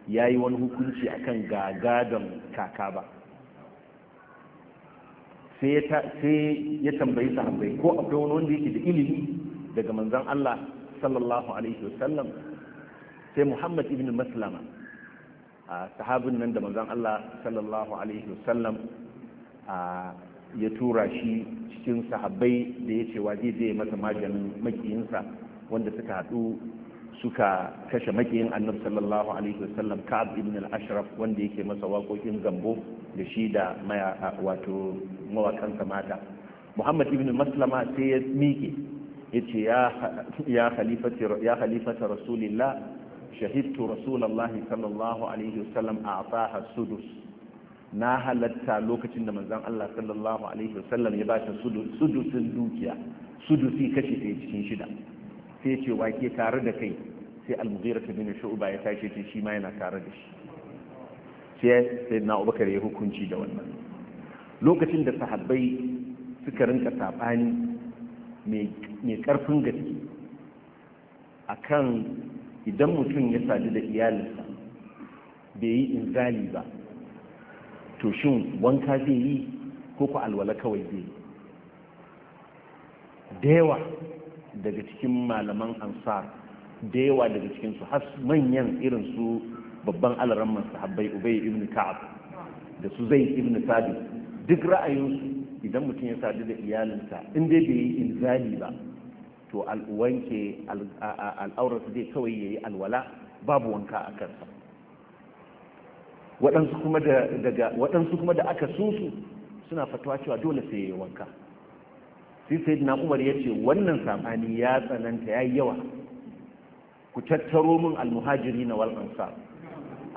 ya yi wani hukunci akan gagadon kaka ba sai ya tambayi sahabbai ko akwai wani wanda yake da ilimi daga manzan Allah sallallahu alaihi wasallam sai Muhammad ibn Maslama a sahabin nan da manzan Allah sallallahu alaihi wasallam ya tura shi cikin sahabbai da ya ce wa zai masa maganin makiyinsa wanda suka haɗu suka kashe makiyin annab sallallahu alaihi wasallam ka'ab ibn al-ashraf wanda yake masa waƙoƙin gambo da shi da maya wato mawaƙansa mata muhammad ibn maslama sai ya miƙe ya ce ya halifata rasulillah shahidtu rasulallah sallallahu alaihi wasallam a afaha sudus na halatta lokacin da manzan Allah sallallahu alaihi wasallam ya ba ta sudusin dukiya sudusi kashi ɗaya cikin shida sai ce wa ke tare da kai sai al ta nuna shu'ba ya tashi ce shi ma yana tare da shi sai sai na abubakar ya hukunci da wannan lokacin da sahabbai suka rinka sabani mai karfin gaske kan idan mutum ya sadu da iyalinsa bai yi inzali ba to shin wanka zai yi ko ku alwala kawai zai yi da yawa daga cikin malaman ansar da yawa daga cikinsu har manyan irin su babban alaramman sahabbai ubay ibn ka'ab da su zai ibn sabi duk ra'ayinsu idan mutum ya sadu da iyalinsa in dai bai yi inzali ba to al'uwanke al'aurarsa zai kawai yayi alwala babu wanka a kansa waɗansu kuma da aka sunsu suna fatawa cewa dole sai ya yi wanka sai sai na umar ya ce wannan saɓani ya tsananta ya yi yawa ku tattaro min almuhajiri na wal ansar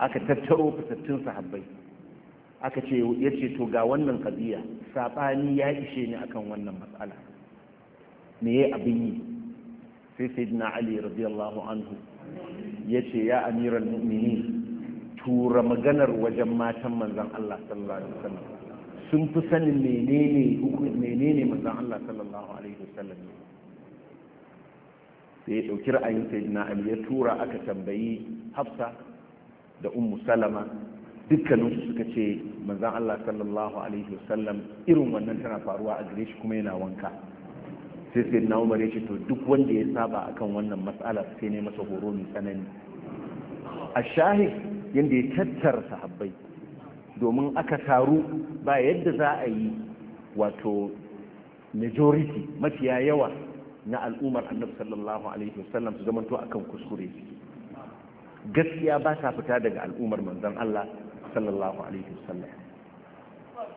aka tattaro fitattun sahabbai aka ce ya ce to ga wannan kabiya saɓani ya ishe ni akan wannan matsala me ya abin yi sai na ali radiyallahu anhu ya ce ya amiral mu'minin tura maganar wajen matan manzan Allah sallallahu alaihi wasallam sun fi sanin menene menene manzon Allah sallallahu alaihi wasallam sai ya dauki ra'ayin sayyidina Ali ya tura aka tambayi Hafsa da Ummu Salama dukkanin su suka ce manzon Allah sallallahu alaihi wasallam irin wannan tana faruwa a gare shi kuma yana wanka sai sai na umar ya ce to duk wanda ya saba akan wannan matsalar sai ne masa horo mai tsanani a shahid yadda ya tattara sahabbai domin aka taru ba yadda za a yi wato majority mafiya yawa na al'ummar annabi sallallahu alaihi wasallam su zamanto akan kuskure gaskiya ba ta fita daga al'ummar manzon Allah sallallahu alaihi wasallam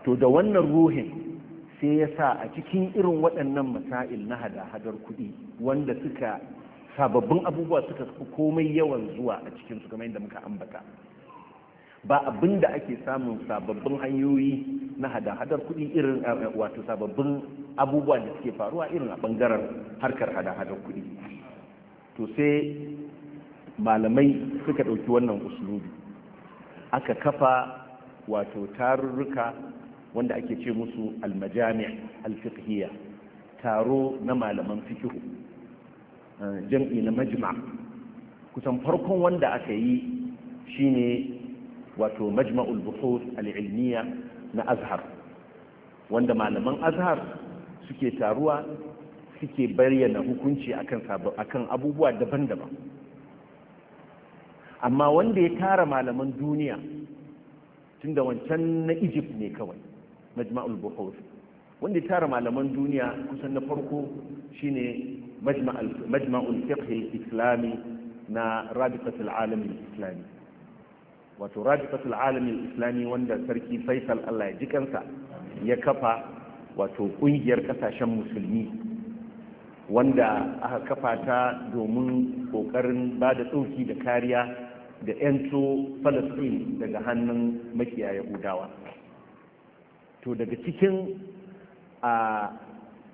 to da wannan ruhin sai ya sa a cikin irin waɗannan masail na hada-hadar kuɗi wanda suka sababbin abubuwa suka komai yawan zuwa a cikin su kamar yadda muka ambata ba abin da ake samun sababbin hanyoyi na hada-hadar kuɗi irin eh, eh, wato sababbin abubuwa da suke faruwa irin a ɓangaren harkar hada-hadar kuɗi to sai malamai suka ɗauki wannan usulubi aka kafa wato tarurruka wanda ake ce musu almajami' alfiqhiyya taro na malaman fikihu eh, jam'i na majma kusan farkon wanda aka yi shine wato majma'ul buhus al'ilmiya na azhar wanda malaman azhar suke taruwa suke bayyana hukunci akan abubuwa daban-daban amma wanda ya tara malaman duniya da wancan na egypt ne kawai majma'ul buhus wanda ya tara malaman duniya kusan na farko shine majma'ul fiqh islami na rabitat al islami wato rajifatul alamin islami wanda sarki faisal allah ya ji kansa ya kafa wato kungiyar kasashen musulmi wanda aka kafa ta domin kokarin ba da tsoki da kariya da 'yanto falastin daga hannun makiya yahudawa to daga cikin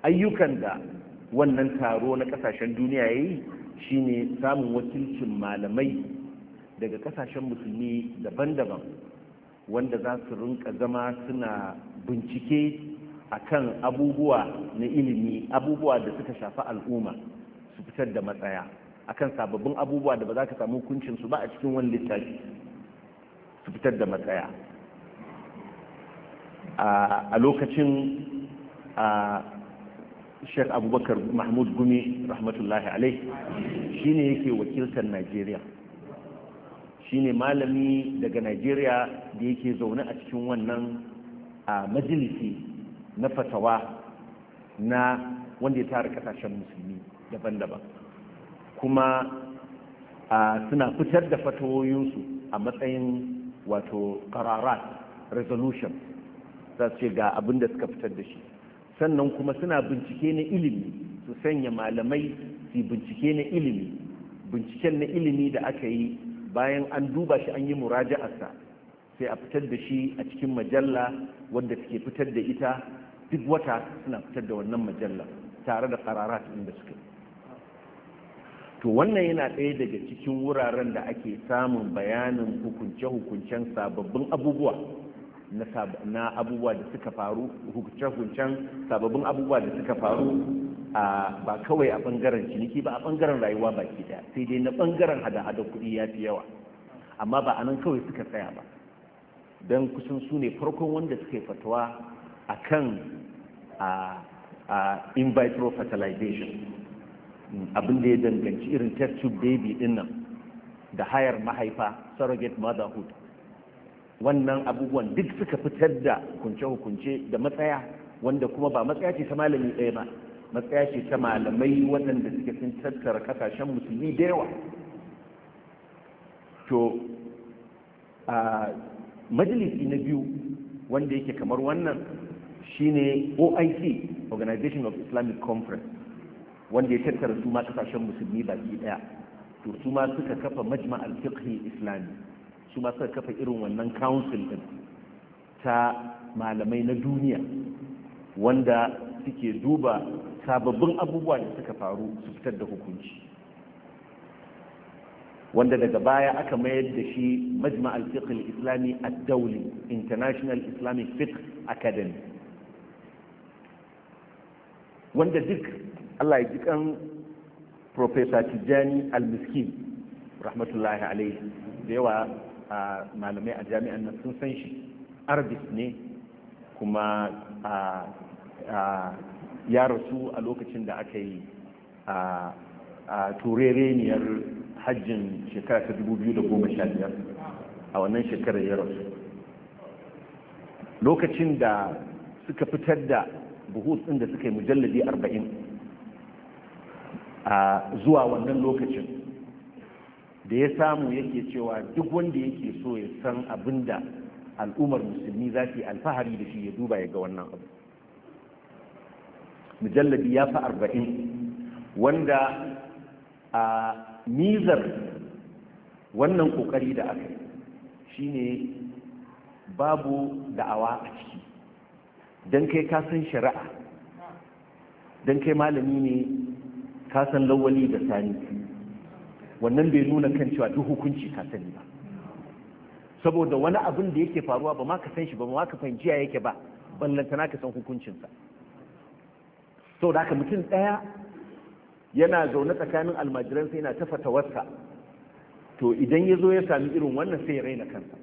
ayyukan da wannan taro na kasashen duniya ya yi shine samun wakilcin malamai daga kasashen musulmi daban-daban wanda za su rinka zama suna bincike akan abubuwa na ilimi abubuwa da suka shafi al'umma su fitar da matsaya akan sababbin abubuwa da ba za ka samu hukuncin su ba a cikin wani littafi su fitar da matsaya a lokacin sheikh abubakar mahmud gumi rahmatullahi alai ne yake wakiltar najeriya ne malami daga Najeriya da yake zaune a cikin wannan a majalisi na fatawa na wanda ya tara kasashen musulmi daban-daban kuma suna fitar da fatawoyinsu a matsayin wato karara, resolution za su ce ga abin da suka fitar da shi sannan kuma suna bincike na ilimi su sanya malamai su bincike na ilimi binciken na ilimi da aka yi bayan an duba shi an yi muraja'arsa sai a fitar da shi a cikin majalla wadda suke fitar da ita duk wata suna fitar da wannan majalla tare da kararat inda suke to wannan yana ɗaya daga cikin wuraren da ake samun bayanin hukunce-hukuncen sababbin abubuwa na abubuwa da suka faru hukuncen sababbin abubuwa da suka faru ba kawai a bangaren ciniki ba a bangaren rayuwa baki ɗaya sai dai na bangaren hada-hada kuɗi ya fi yawa amma ba a nan kawai suka tsaya ba don kusan su ne farkon wanda suka yi fatawa a kan in vitro fertilization abin da ya danganci irin test tube baby din nan da hayar mahaifa surrogate motherhood wannan abubuwan duk suka fitar da hukunce-hukunce da matsaya wanda kuma ba matsaya ce ta malami ɗaya ba matsaya ce ta malamai waɗanda suke sun tattara kasashen musulmi da yawa to a majalisi na biyu wanda yake kamar wannan shine oic organization of islamic conference wanda ya tattara su ma kasashen musulmi baki daya to su ma suka kafa majma al islami su ma suka kafa irin wannan council din ta malamai na duniya wanda suke duba sababbin abubuwa da suka faru su fitar da hukunci wanda daga baya aka mayar da shi majma al-fiqh islami ad-dawli international islamic fiqh academy wanda duk Allah ya ji kan professor Tijani al-Miskin rahmatullahi alaihi da yawa malamai a jami'an nan sun san shi arbis ne kuma a ya rasu a lokacin da aka yi a turereniyar hajjin shekara ta 2015 a wannan shekarar ya rasu lokacin da suka fitar da buhus ɗin da suka yi mujalladi 40 a zuwa wannan lokacin da ya samu yake cewa duk wanda yake so ya san abin da al'ummar musulmi za su yi alfahari da shi ya duba ya ga wannan abu mujalladi ya fi arba'in wanda a nizar wannan kokari da aka yi shine babu da'awa a ciki don kai kasan shari'a don kai malami ne kasan lawali da sani wannan bai nuna kan cewa duk hukunci ka ba saboda wani abin da yake faruwa ba ma ka san shi ba ma ka fahimci yake ba ballantana ka san hukuncinsa sau da haka mutum ɗaya yana zaune tsakanin almajiran sai yana ta fatawarsa to idan ya zo ya sami irin wannan sai ya raina kansa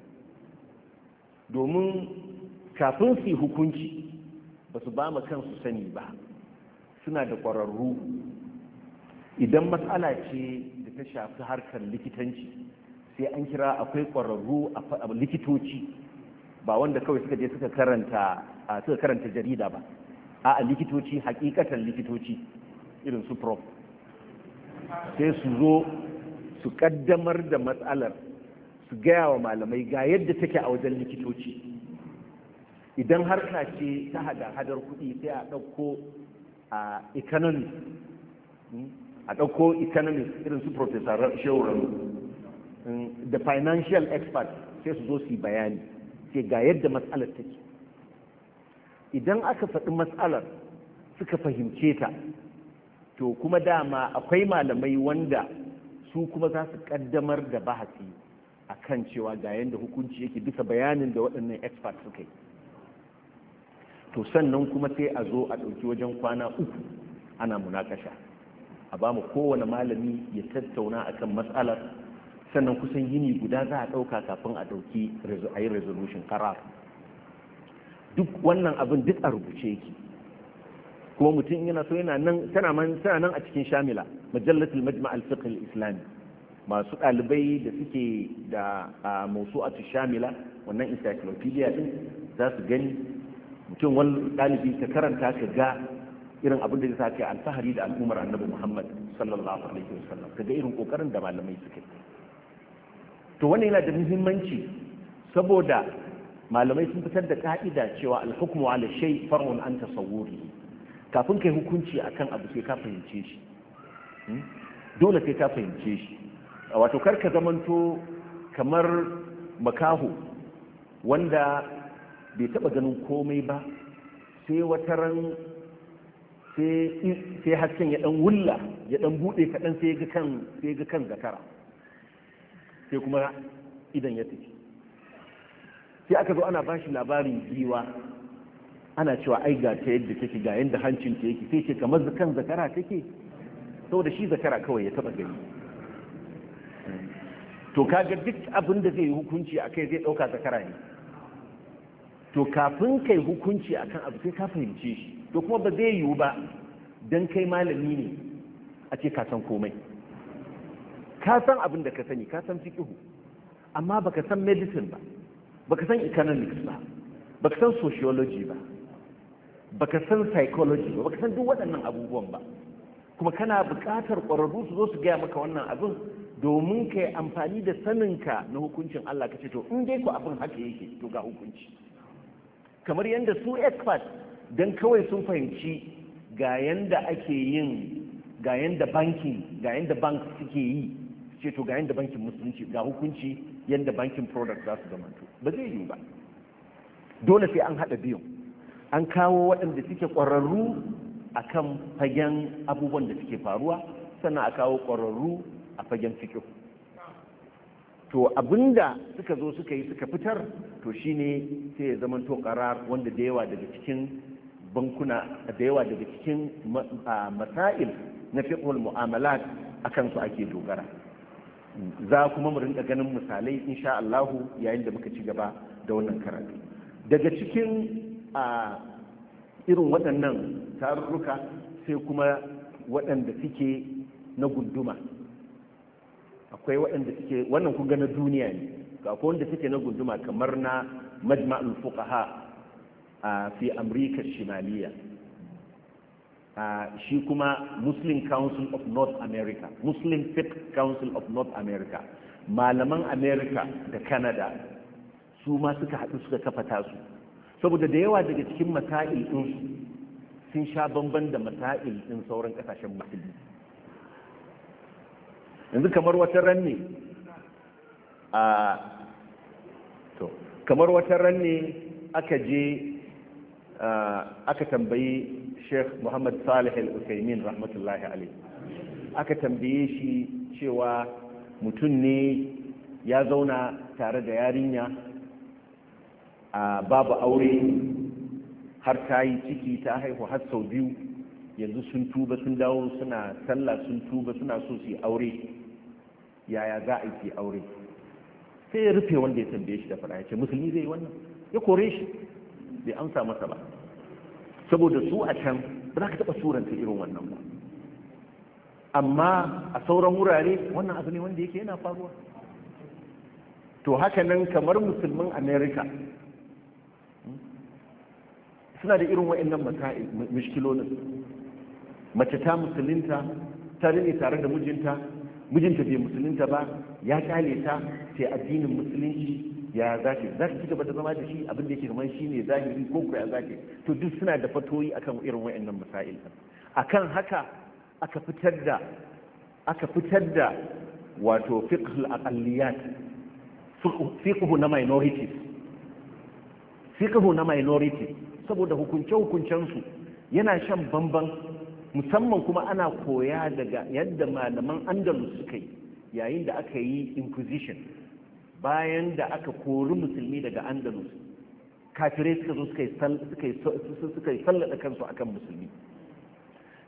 domin kafin su hukunci ba su ba kansu sani ba suna da ƙwararru idan matsala ce da ta shafi harkar likitanci sai an kira akwai ƙwararru a likitoci ba wanda kawai suka je suka karanta jarida ba a likitoci hakikatan likitoci irin su prof sai su zo su kaddamar da matsalar su gaya wa malamai ga yadda take a wajen likitoci idan harka ce ta hada-hadar kuɗi sai a ɗauko a economy hmm, a ɗauko economy irin su professor hmm, da financial expert sai su zo su bayani sai ga yadda matsalar take idan aka faɗi matsalar suka fahimce ta to kuma dama akwai malamai wanda su kuma za su kaddamar da bahasi a kan cewa ga yadda hukunci yake bisa bayanin da waɗannan expert suka yi to sannan kuma sai a zo a ɗauki wajen kwana uku ana munakasha a ba mu kowane malami ya tattauna akan matsalar sannan kusan yini guda za a ɗauka kafin a ɗauki a yi resolution karar duk wannan abin duk a rubuce yake kuma mutum yana so yana nan tana nan a cikin shamila majallatul majma al fiqh al islami masu ɗalibai da suke da a mawsu'atu shamila wannan encyclopedia din za su gani mutum wani ɗalibi ka karanta ka ga irin abin da zai sa alfahari da al'ummar annabi Muhammad sallallahu alaihi wasallam ka ga irin kokarin da malamai suke to wannan yana da muhimmanci saboda malamai sun fitar da ka'ida cewa alhukmu ala shay far'un an tasawwuri kafin kai hukunci akan abu sai ka fahimce shi hmm? dole sai ka fahimce shi wato kar ka zamanto kamar makaho wanda bai taba ganin komai ba sai wata ran sai hasken ya dan wulla ya dan bude kaɗan sai ga kan sai ga kan zakara sai kuma idan ya tafi sai aka zo ana bashi labarin giwa ana cewa ai ga ta yadda take ga yadda hancin ta yake sai ce kamar kan zakara take saboda shi zakara kawai ya taba gani to kaga duk abin da zai yi hukunci akai zai dauka zakara ne to kafin kai hukunci akan abu sai ka fahimce shi to kuma ba zai yiwu ba dan kai malami ne a ce ka san komai ka san abin da ka sani ka san fikihu amma baka san medicine ba baka san economics ba baka san sociology ba baka san psychology ba baka san duk waɗannan abubuwan ba kuma kana buƙatar ƙwararru su zo su gaya maka wannan abin domin ka yi amfani da saninka na hukuncin Allah ka ce to in dai ku abin haka yake to ga hukunci kamar yadda su expert don kawai sun fahimci ga yanda ake yin ga yanda bankin ga yanda bank suke yi ce to ga yanda bankin musulunci ga hukunci yadda bankin product za su zamantu ba zai yiwu ba dole sai an haɗa biyun an kawo waɗanda suke ƙwararru a kan fagen abubuwan da suke faruwa sannan a kawo ƙwararru a fagen fiƙo to abinda suka zo suka yi suka fitar to shine sai ya zama to karar wanda da yawa daga cikin bankuna da yawa daga cikin masail na fiqhul muamala akan su ake dogara za kuma mu rinka ganin misalai insha Allahu yayin da muka ci gaba da wannan karatu daga cikin a irin waɗannan tarurruka sai kuma waɗanda suke na gunduma akwai waɗanda suke wannan kun na duniya ne ga akwai wanda suke na gunduma kamar na majma'ul fuqaha a fi amurka shimaliya Ah, shi kuma muslim council of north america muslim faith council of north america malaman america da canada su ma suka haɗu suka kafa tasu saboda da yawa daga cikin masail ɗinsu sun sha bamban da masail ɗin sauran ƙasashen musulmi yanzu kamar wata ran ne a to kamar wata ranne aka je aka tambayi sheikh muhammad salih al-usaimin rahmatullahi alaihi aka tambaye shi cewa mutum ne ya zauna tare da yarinya a babu aure har ta yi ciki ta haihu har sau biyu yanzu sun tuba sun dawo suna sallah sun tuba suna so su yi aure yaya za a yi aure sai ya rufe wanda ya tambaye shi da fara ya ce musulmi zai yi wannan ya kore shi bai amsa masa ba saboda su a can ba za ka taɓa suranta irin wannan ba amma a sauran wurare wannan abu ne wanda yake yana faruwa to haka nan kamar musulmin america suna da irin wa'annan mata'i mishkilonin mace ta musulunta ta rine tare da mijinta mijinta bai musulunta ba ya kyale ta sai addinin musulunci ya zaki za ki gaba da zama da shi abin da yake kamar shi ne zahiri ko kuwa zaki to duk suna da fatoyi akan irin wayannan masail akan haka aka fitar da aka fitar da wato fiqhul aqalliyat fiqhu na minorities fiqhu na minorities saboda hukunce hukuncen su yana shan bamban musamman kuma ana koya daga yadda malaman andalus suka yi yayin da aka yi inquisition bayan da aka kori musulmi daga andalus kafirai suka zo suka yi sallada kansu akan musulmi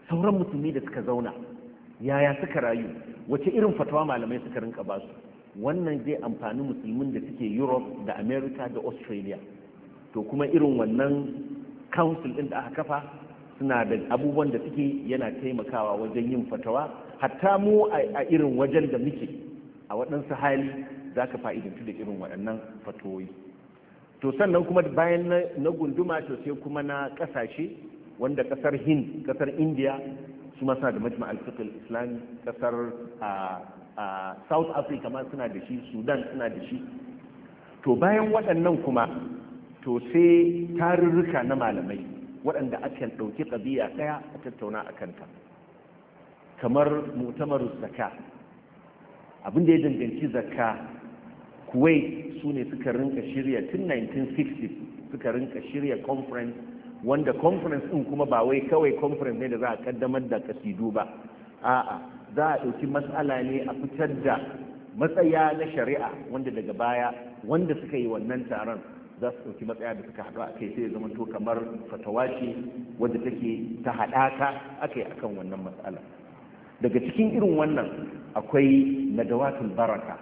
sauran musulmi da suka zauna yaya suka rayu wace irin fatawa malamai suka rinka ba su wannan zai amfani musulmin da suke europe da america da australia to kuma irin wannan council din da aka kafa suna da abubuwan da suke yana taimakawa wajen yin fatawa hatta mu a irin wajen da muke a waɗansu hali za ka fa'idantu da irin waɗannan fatoyi to sannan kuma bayan na gunduma to sai kuma na ƙasashe wanda ƙasar hind ƙasar india su suna da majma alfiqil islami ƙasar south africa ma suna da shi sudan suna da shi to bayan waɗannan kuma to sai tarurruka na malamai waɗanda aka ɗauki ƙabiya ɗaya a tattauna a kanta kamar mutamar zaka. abin da ya danganci zaka. kuwait su ne suka rinka shirya tun 1960 suka rinka shirya conference wanda conference ɗin kuma ba wai kawai conference ne da za a kaddamar da kasidu ba a'a za a ɗauki matsala ne a fitar da matsaya na shari'a wanda daga baya wanda suka yi wannan taron za su ɗauki matsaya da suka haɗu a kai sai zama to kamar fatawa ce wadda take ta haɗaka aka yi akan wannan matsala daga cikin irin wannan akwai nadawatul baraka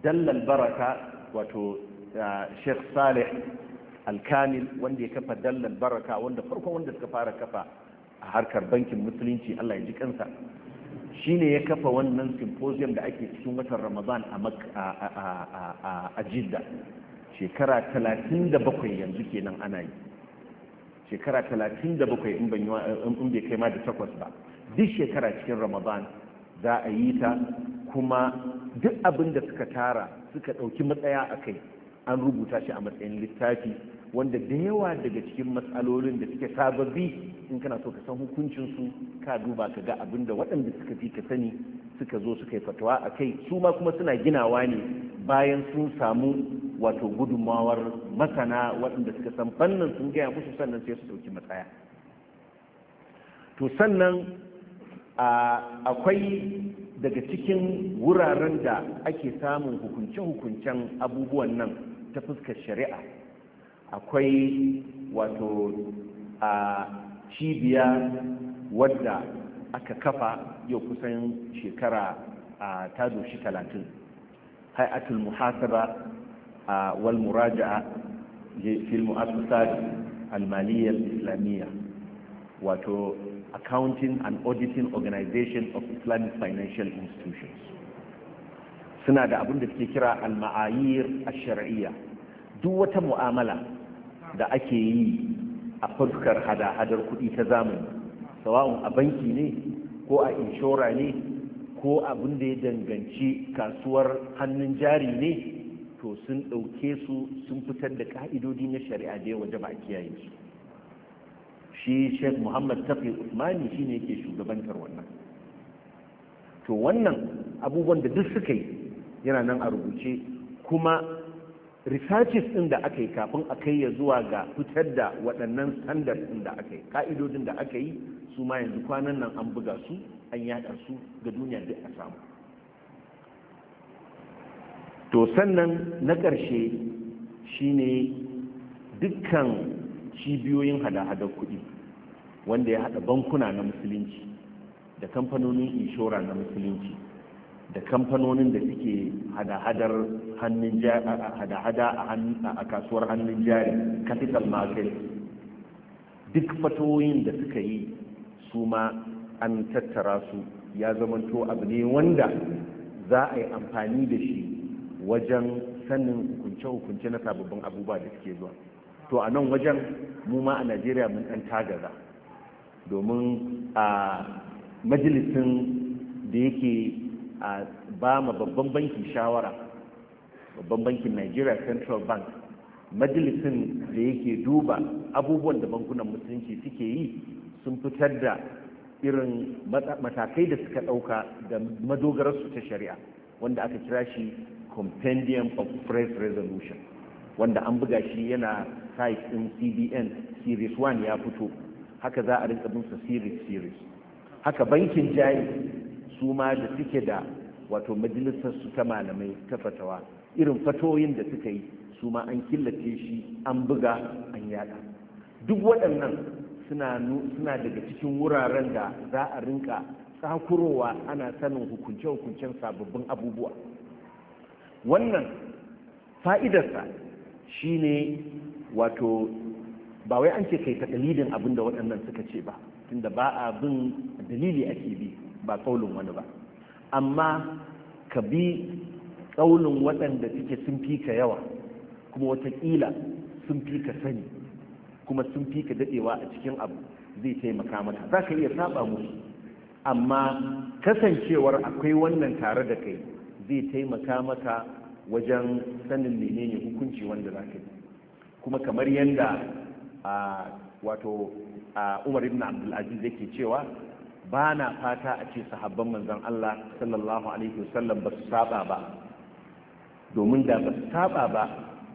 dallal baraka wato sheikh salih alkamil wanda ya kafa dallal baraka wanda farkon wanda suka fara kafa a harkar bankin musulunci allah ya ji kansa shine ya kafa wannan symposium da ake cikin watan ramadan a jidda shekara 37 yanzu kenan ana yi shekara 37 in bai kai ma da takwas ba duk shekara cikin ramadan za a yi ta kuma duk abin da suka tara suka ɗauki matsaya a kai an rubuta shi a matsayin littafi wanda da yawa daga cikin matsalolin da suke sababbi in kana so ka san hukuncinsu ka duba ka ga abin da waɗanda suka fi ka sani suka zo suka yi fatawa a kai su ma kuma suna ginawa ne bayan sun samu wato gudunmawar masana waɗanda suka san fannin sun gaya musu sannan sai su ɗauki matsaya to sannan akwai daga cikin wuraren da ake samun hukunce-hukuncen abubuwan nan ta fuskar shari'a akwai wato a cibiya wadda aka kafa yau kusan shekara a ta doshi talatin hay'atul muhasaba wal muraja'a fil mu'assasat al maliyya islamiyya wato accounting and auditing organization of islamic financial institutions suna da abin da suke kira al-ma'ayir ash duk wata mu'amala da ake yi a fuskar hada-hadar kuɗi ta zamani sawa'un a banki ne ko a inshora ne ko abin da ya danganci kasuwar hannun jari ne to sun ɗauke su sun fitar da ka'idodi na shari'a da yawa da ba a kiyaye su shi sheikh muhammad tafi usmani shine yake shugabantar wannan to wannan abubuwan da duk suka yi yana nan a rubuce kuma researches ɗin da aka yi kafin a kai ya zuwa ga fitar da waɗannan standards ɗin da aka yi ka'idodin da aka yi su ma yanzu kwanan nan an buga su an yaɗa su ga duniya duk a samu to sannan na ƙarshe shine dukkan cibiyoyin hada-hadar kuɗi wanda ya haɗa bankuna na musulunci da kamfanonin inshora na musulunci da kamfanonin da suke hada-hadar hada a kasuwar hannun jari capital market duk fatoyin da suka yi su ma an tattara su ya zamanto abu ne wanda za a yi amfani da shi wajen sanin hukunce-hukunce na sababbin abubuwa da suke zuwa to a nan wajen mu ma a najeriya mun ɗan tagaza domin a majalisin da yake a ba ma babban bankin shawara babban bankin nigeria central bank majalisin da yake duba abubuwan da bankunan musulunci suke yi sun fitar da irin matakai da suka ɗauka da madogararsu ta shari'a wanda aka kira shi compendium of press resolution wanda an buga shi yana site ɗin cbn series 1 ya fito haka za a rinka bin su series haka bankin jari su ma da suke da wato majalisar su ta malamai ta fatawa irin fatoyin da suka yi su ma an killace shi an buga an yada duk waɗannan suna daga cikin wuraren da za a rinka tsakurowa ana sanin hukunce-hukuncen sababbin abubuwa wannan fa'idarsa shine wato ba wai an ce kai ta dalilin abin da waɗannan suka ce ba tunda ba a bin dalili ake bi ba kaulin wani ba amma ka bi kaulin waɗanda suke sun fi ka yawa kuma watakila sun fi ka sani kuma sun fi ka daɗewa a cikin abu zai taimaka maka za ka iya saba musu amma kasancewar akwai wannan tare da kai zai taimaka maka wajen sanin menene hukunci wanda za ka yi kuma kamar yadda wato umar ibn abdulaziz yake cewa ba na fata a ce sahabban manzon Allah sallallahu alaihi wasallam ba su saba ba domin da ba su saba ba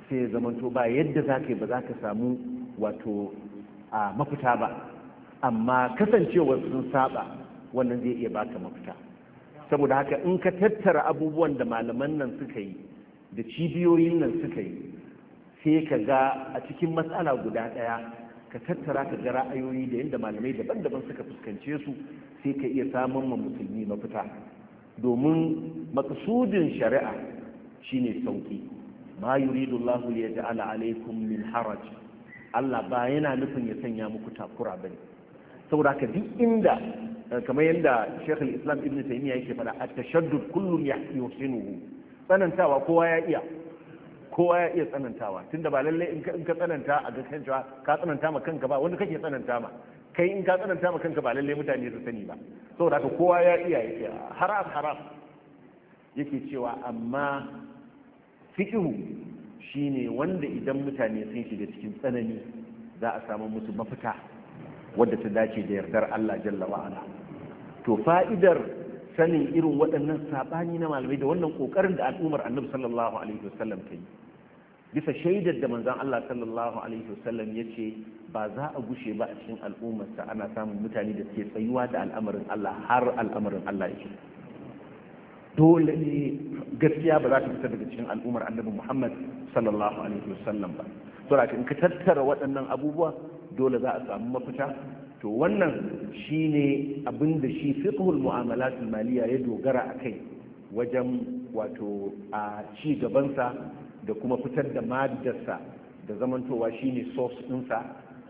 sai ya zamanto ba yadda za ka yi ba za ka samu wato a mafita ba amma kasancewar sun saba wannan zai iya baka mafita saboda haka in ka tattara abubuwan da malaman nan suka yi da cibiyoyin nan suka yi sai ka ga a cikin matsala guda ɗaya ka tattara ka ga ra'ayoyi da yadda malamai daban-daban suka fuskance su sai ka iya samun ma musulmi mafita domin makasudin shari'a shine sauki ma yuridu Allah ya ta'ala alaikum min haraj Allah ba yana nufin ya sanya muku takura bane saboda ka duk inda kamar yadda Sheikh islam Ibn Taymiyyah yake faɗa at-tashaddud kullun yuhsinuhu tsanantawa kowa ya iya kowa ya iya tsanantawa tunda ba lalle in ka tsananta a ga kan cewa ka tsananta ma kanka ba wanda kake tsananta ma kai in ka tsananta ma kanka ba lalle mutane su sani ba saboda haka kowa ya iya yake haram haram yake cewa amma fiqhu shine wanda idan mutane sun shiga cikin tsanani za a samu musu mafita wadda ta dace da yardar Allah jalla wa'ala to fa'idar sanin irin waɗannan saɓani na malamai da wannan ƙoƙarin da al'ummar annabi sallallahu alaihi wasallam ta yi bisa shaidar da manzon Allah sallallahu alaihi wasallam ya ce ba za a gushe ba a cikin al'ummarsa ana samun mutane da suke tsayuwa da al'amarin Allah har al'amarin Allah yake dole ne gaskiya ba za ta fita daga cikin al'ummar annabi Muhammad sallallahu alaihi wasallam ba sura in ka tattara waɗannan abubuwa dole za a samu mafita to wannan shine abin da shi fiqhul mu'amalatul maliya ya dogara a kai wajen wato a ci gabansa da kuma fitar da madarsa da zamantowa shine source ɗinsa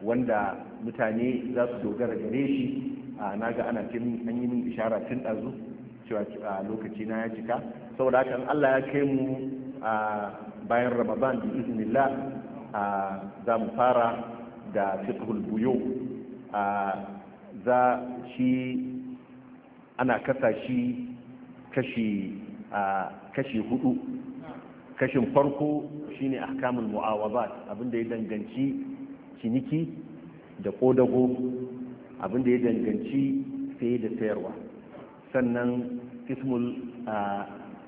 wanda mutane za su dogara gare shi na ga ana cin an yi min ishara tun ɗazu cewa a lokaci na ya cika saboda haka Allah ya kai mu a bayan Ramadan bi iznillah za mu fara da fiqhul a za shi ana kasa shi kashi kashi hudu kashin farko shine ahkamul mu'awabat abinda ya danganci ciniki da kodago abinda ya danganci saye da sayarwa sannan ismul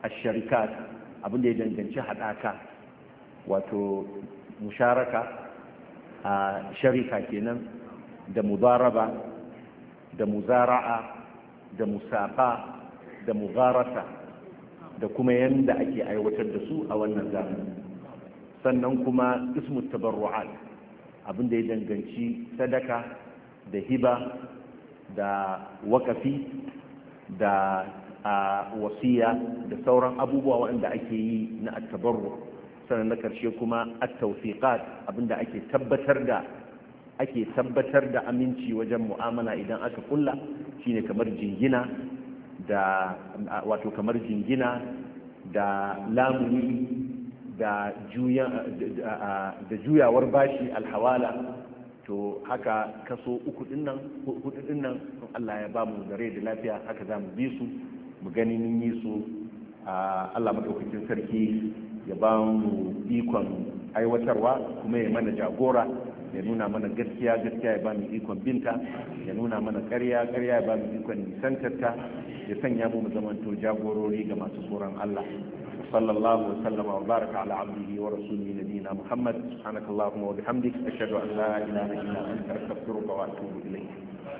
asharikat abinda ya danganci haɗaka wato musharaka a sharika kenan da mudaraba da muzara'a da musafa da mubarasa. da kuma yanda ake aiwatar da su a wannan zamani sannan kuma ismu tabarru'at abin da ya danganci sadaka da hiba da wakafi da a wasiya da sauran abubuwa waɗanda ake yi na attabarru sannan na ƙarshe kuma attawfiqat abinda ake tabbatar da ake tabbatar da aminci wajen mu'amala idan aka kulla shine kamar jingina da wato kamar jingina da lamuni da juyawar bashi alhawala to haka kaso uku dinnan hudu dinnan Allah ya ba mu da da lafiya haka za mu bi su mu gani mun yi su Allah madaukakin sarki ya ba mu ikon aiwatarwa kuma ya mana jagora ya nuna mana gaskiya gaskiya ya ba mu ikon binta ya nuna mana ƙarya ƙarya ya ba mu ikon nisantarta ya sanya mu mu zamanto jagorori ga masu tsoron Allah sallallahu alaihi wasallam wa baraka ala abdihi wa rasulihi nabiyina Muhammad subhanakallahumma wa bihamdik ashhadu an la ilaha illa anta astaghfiruka wa atubu ilayk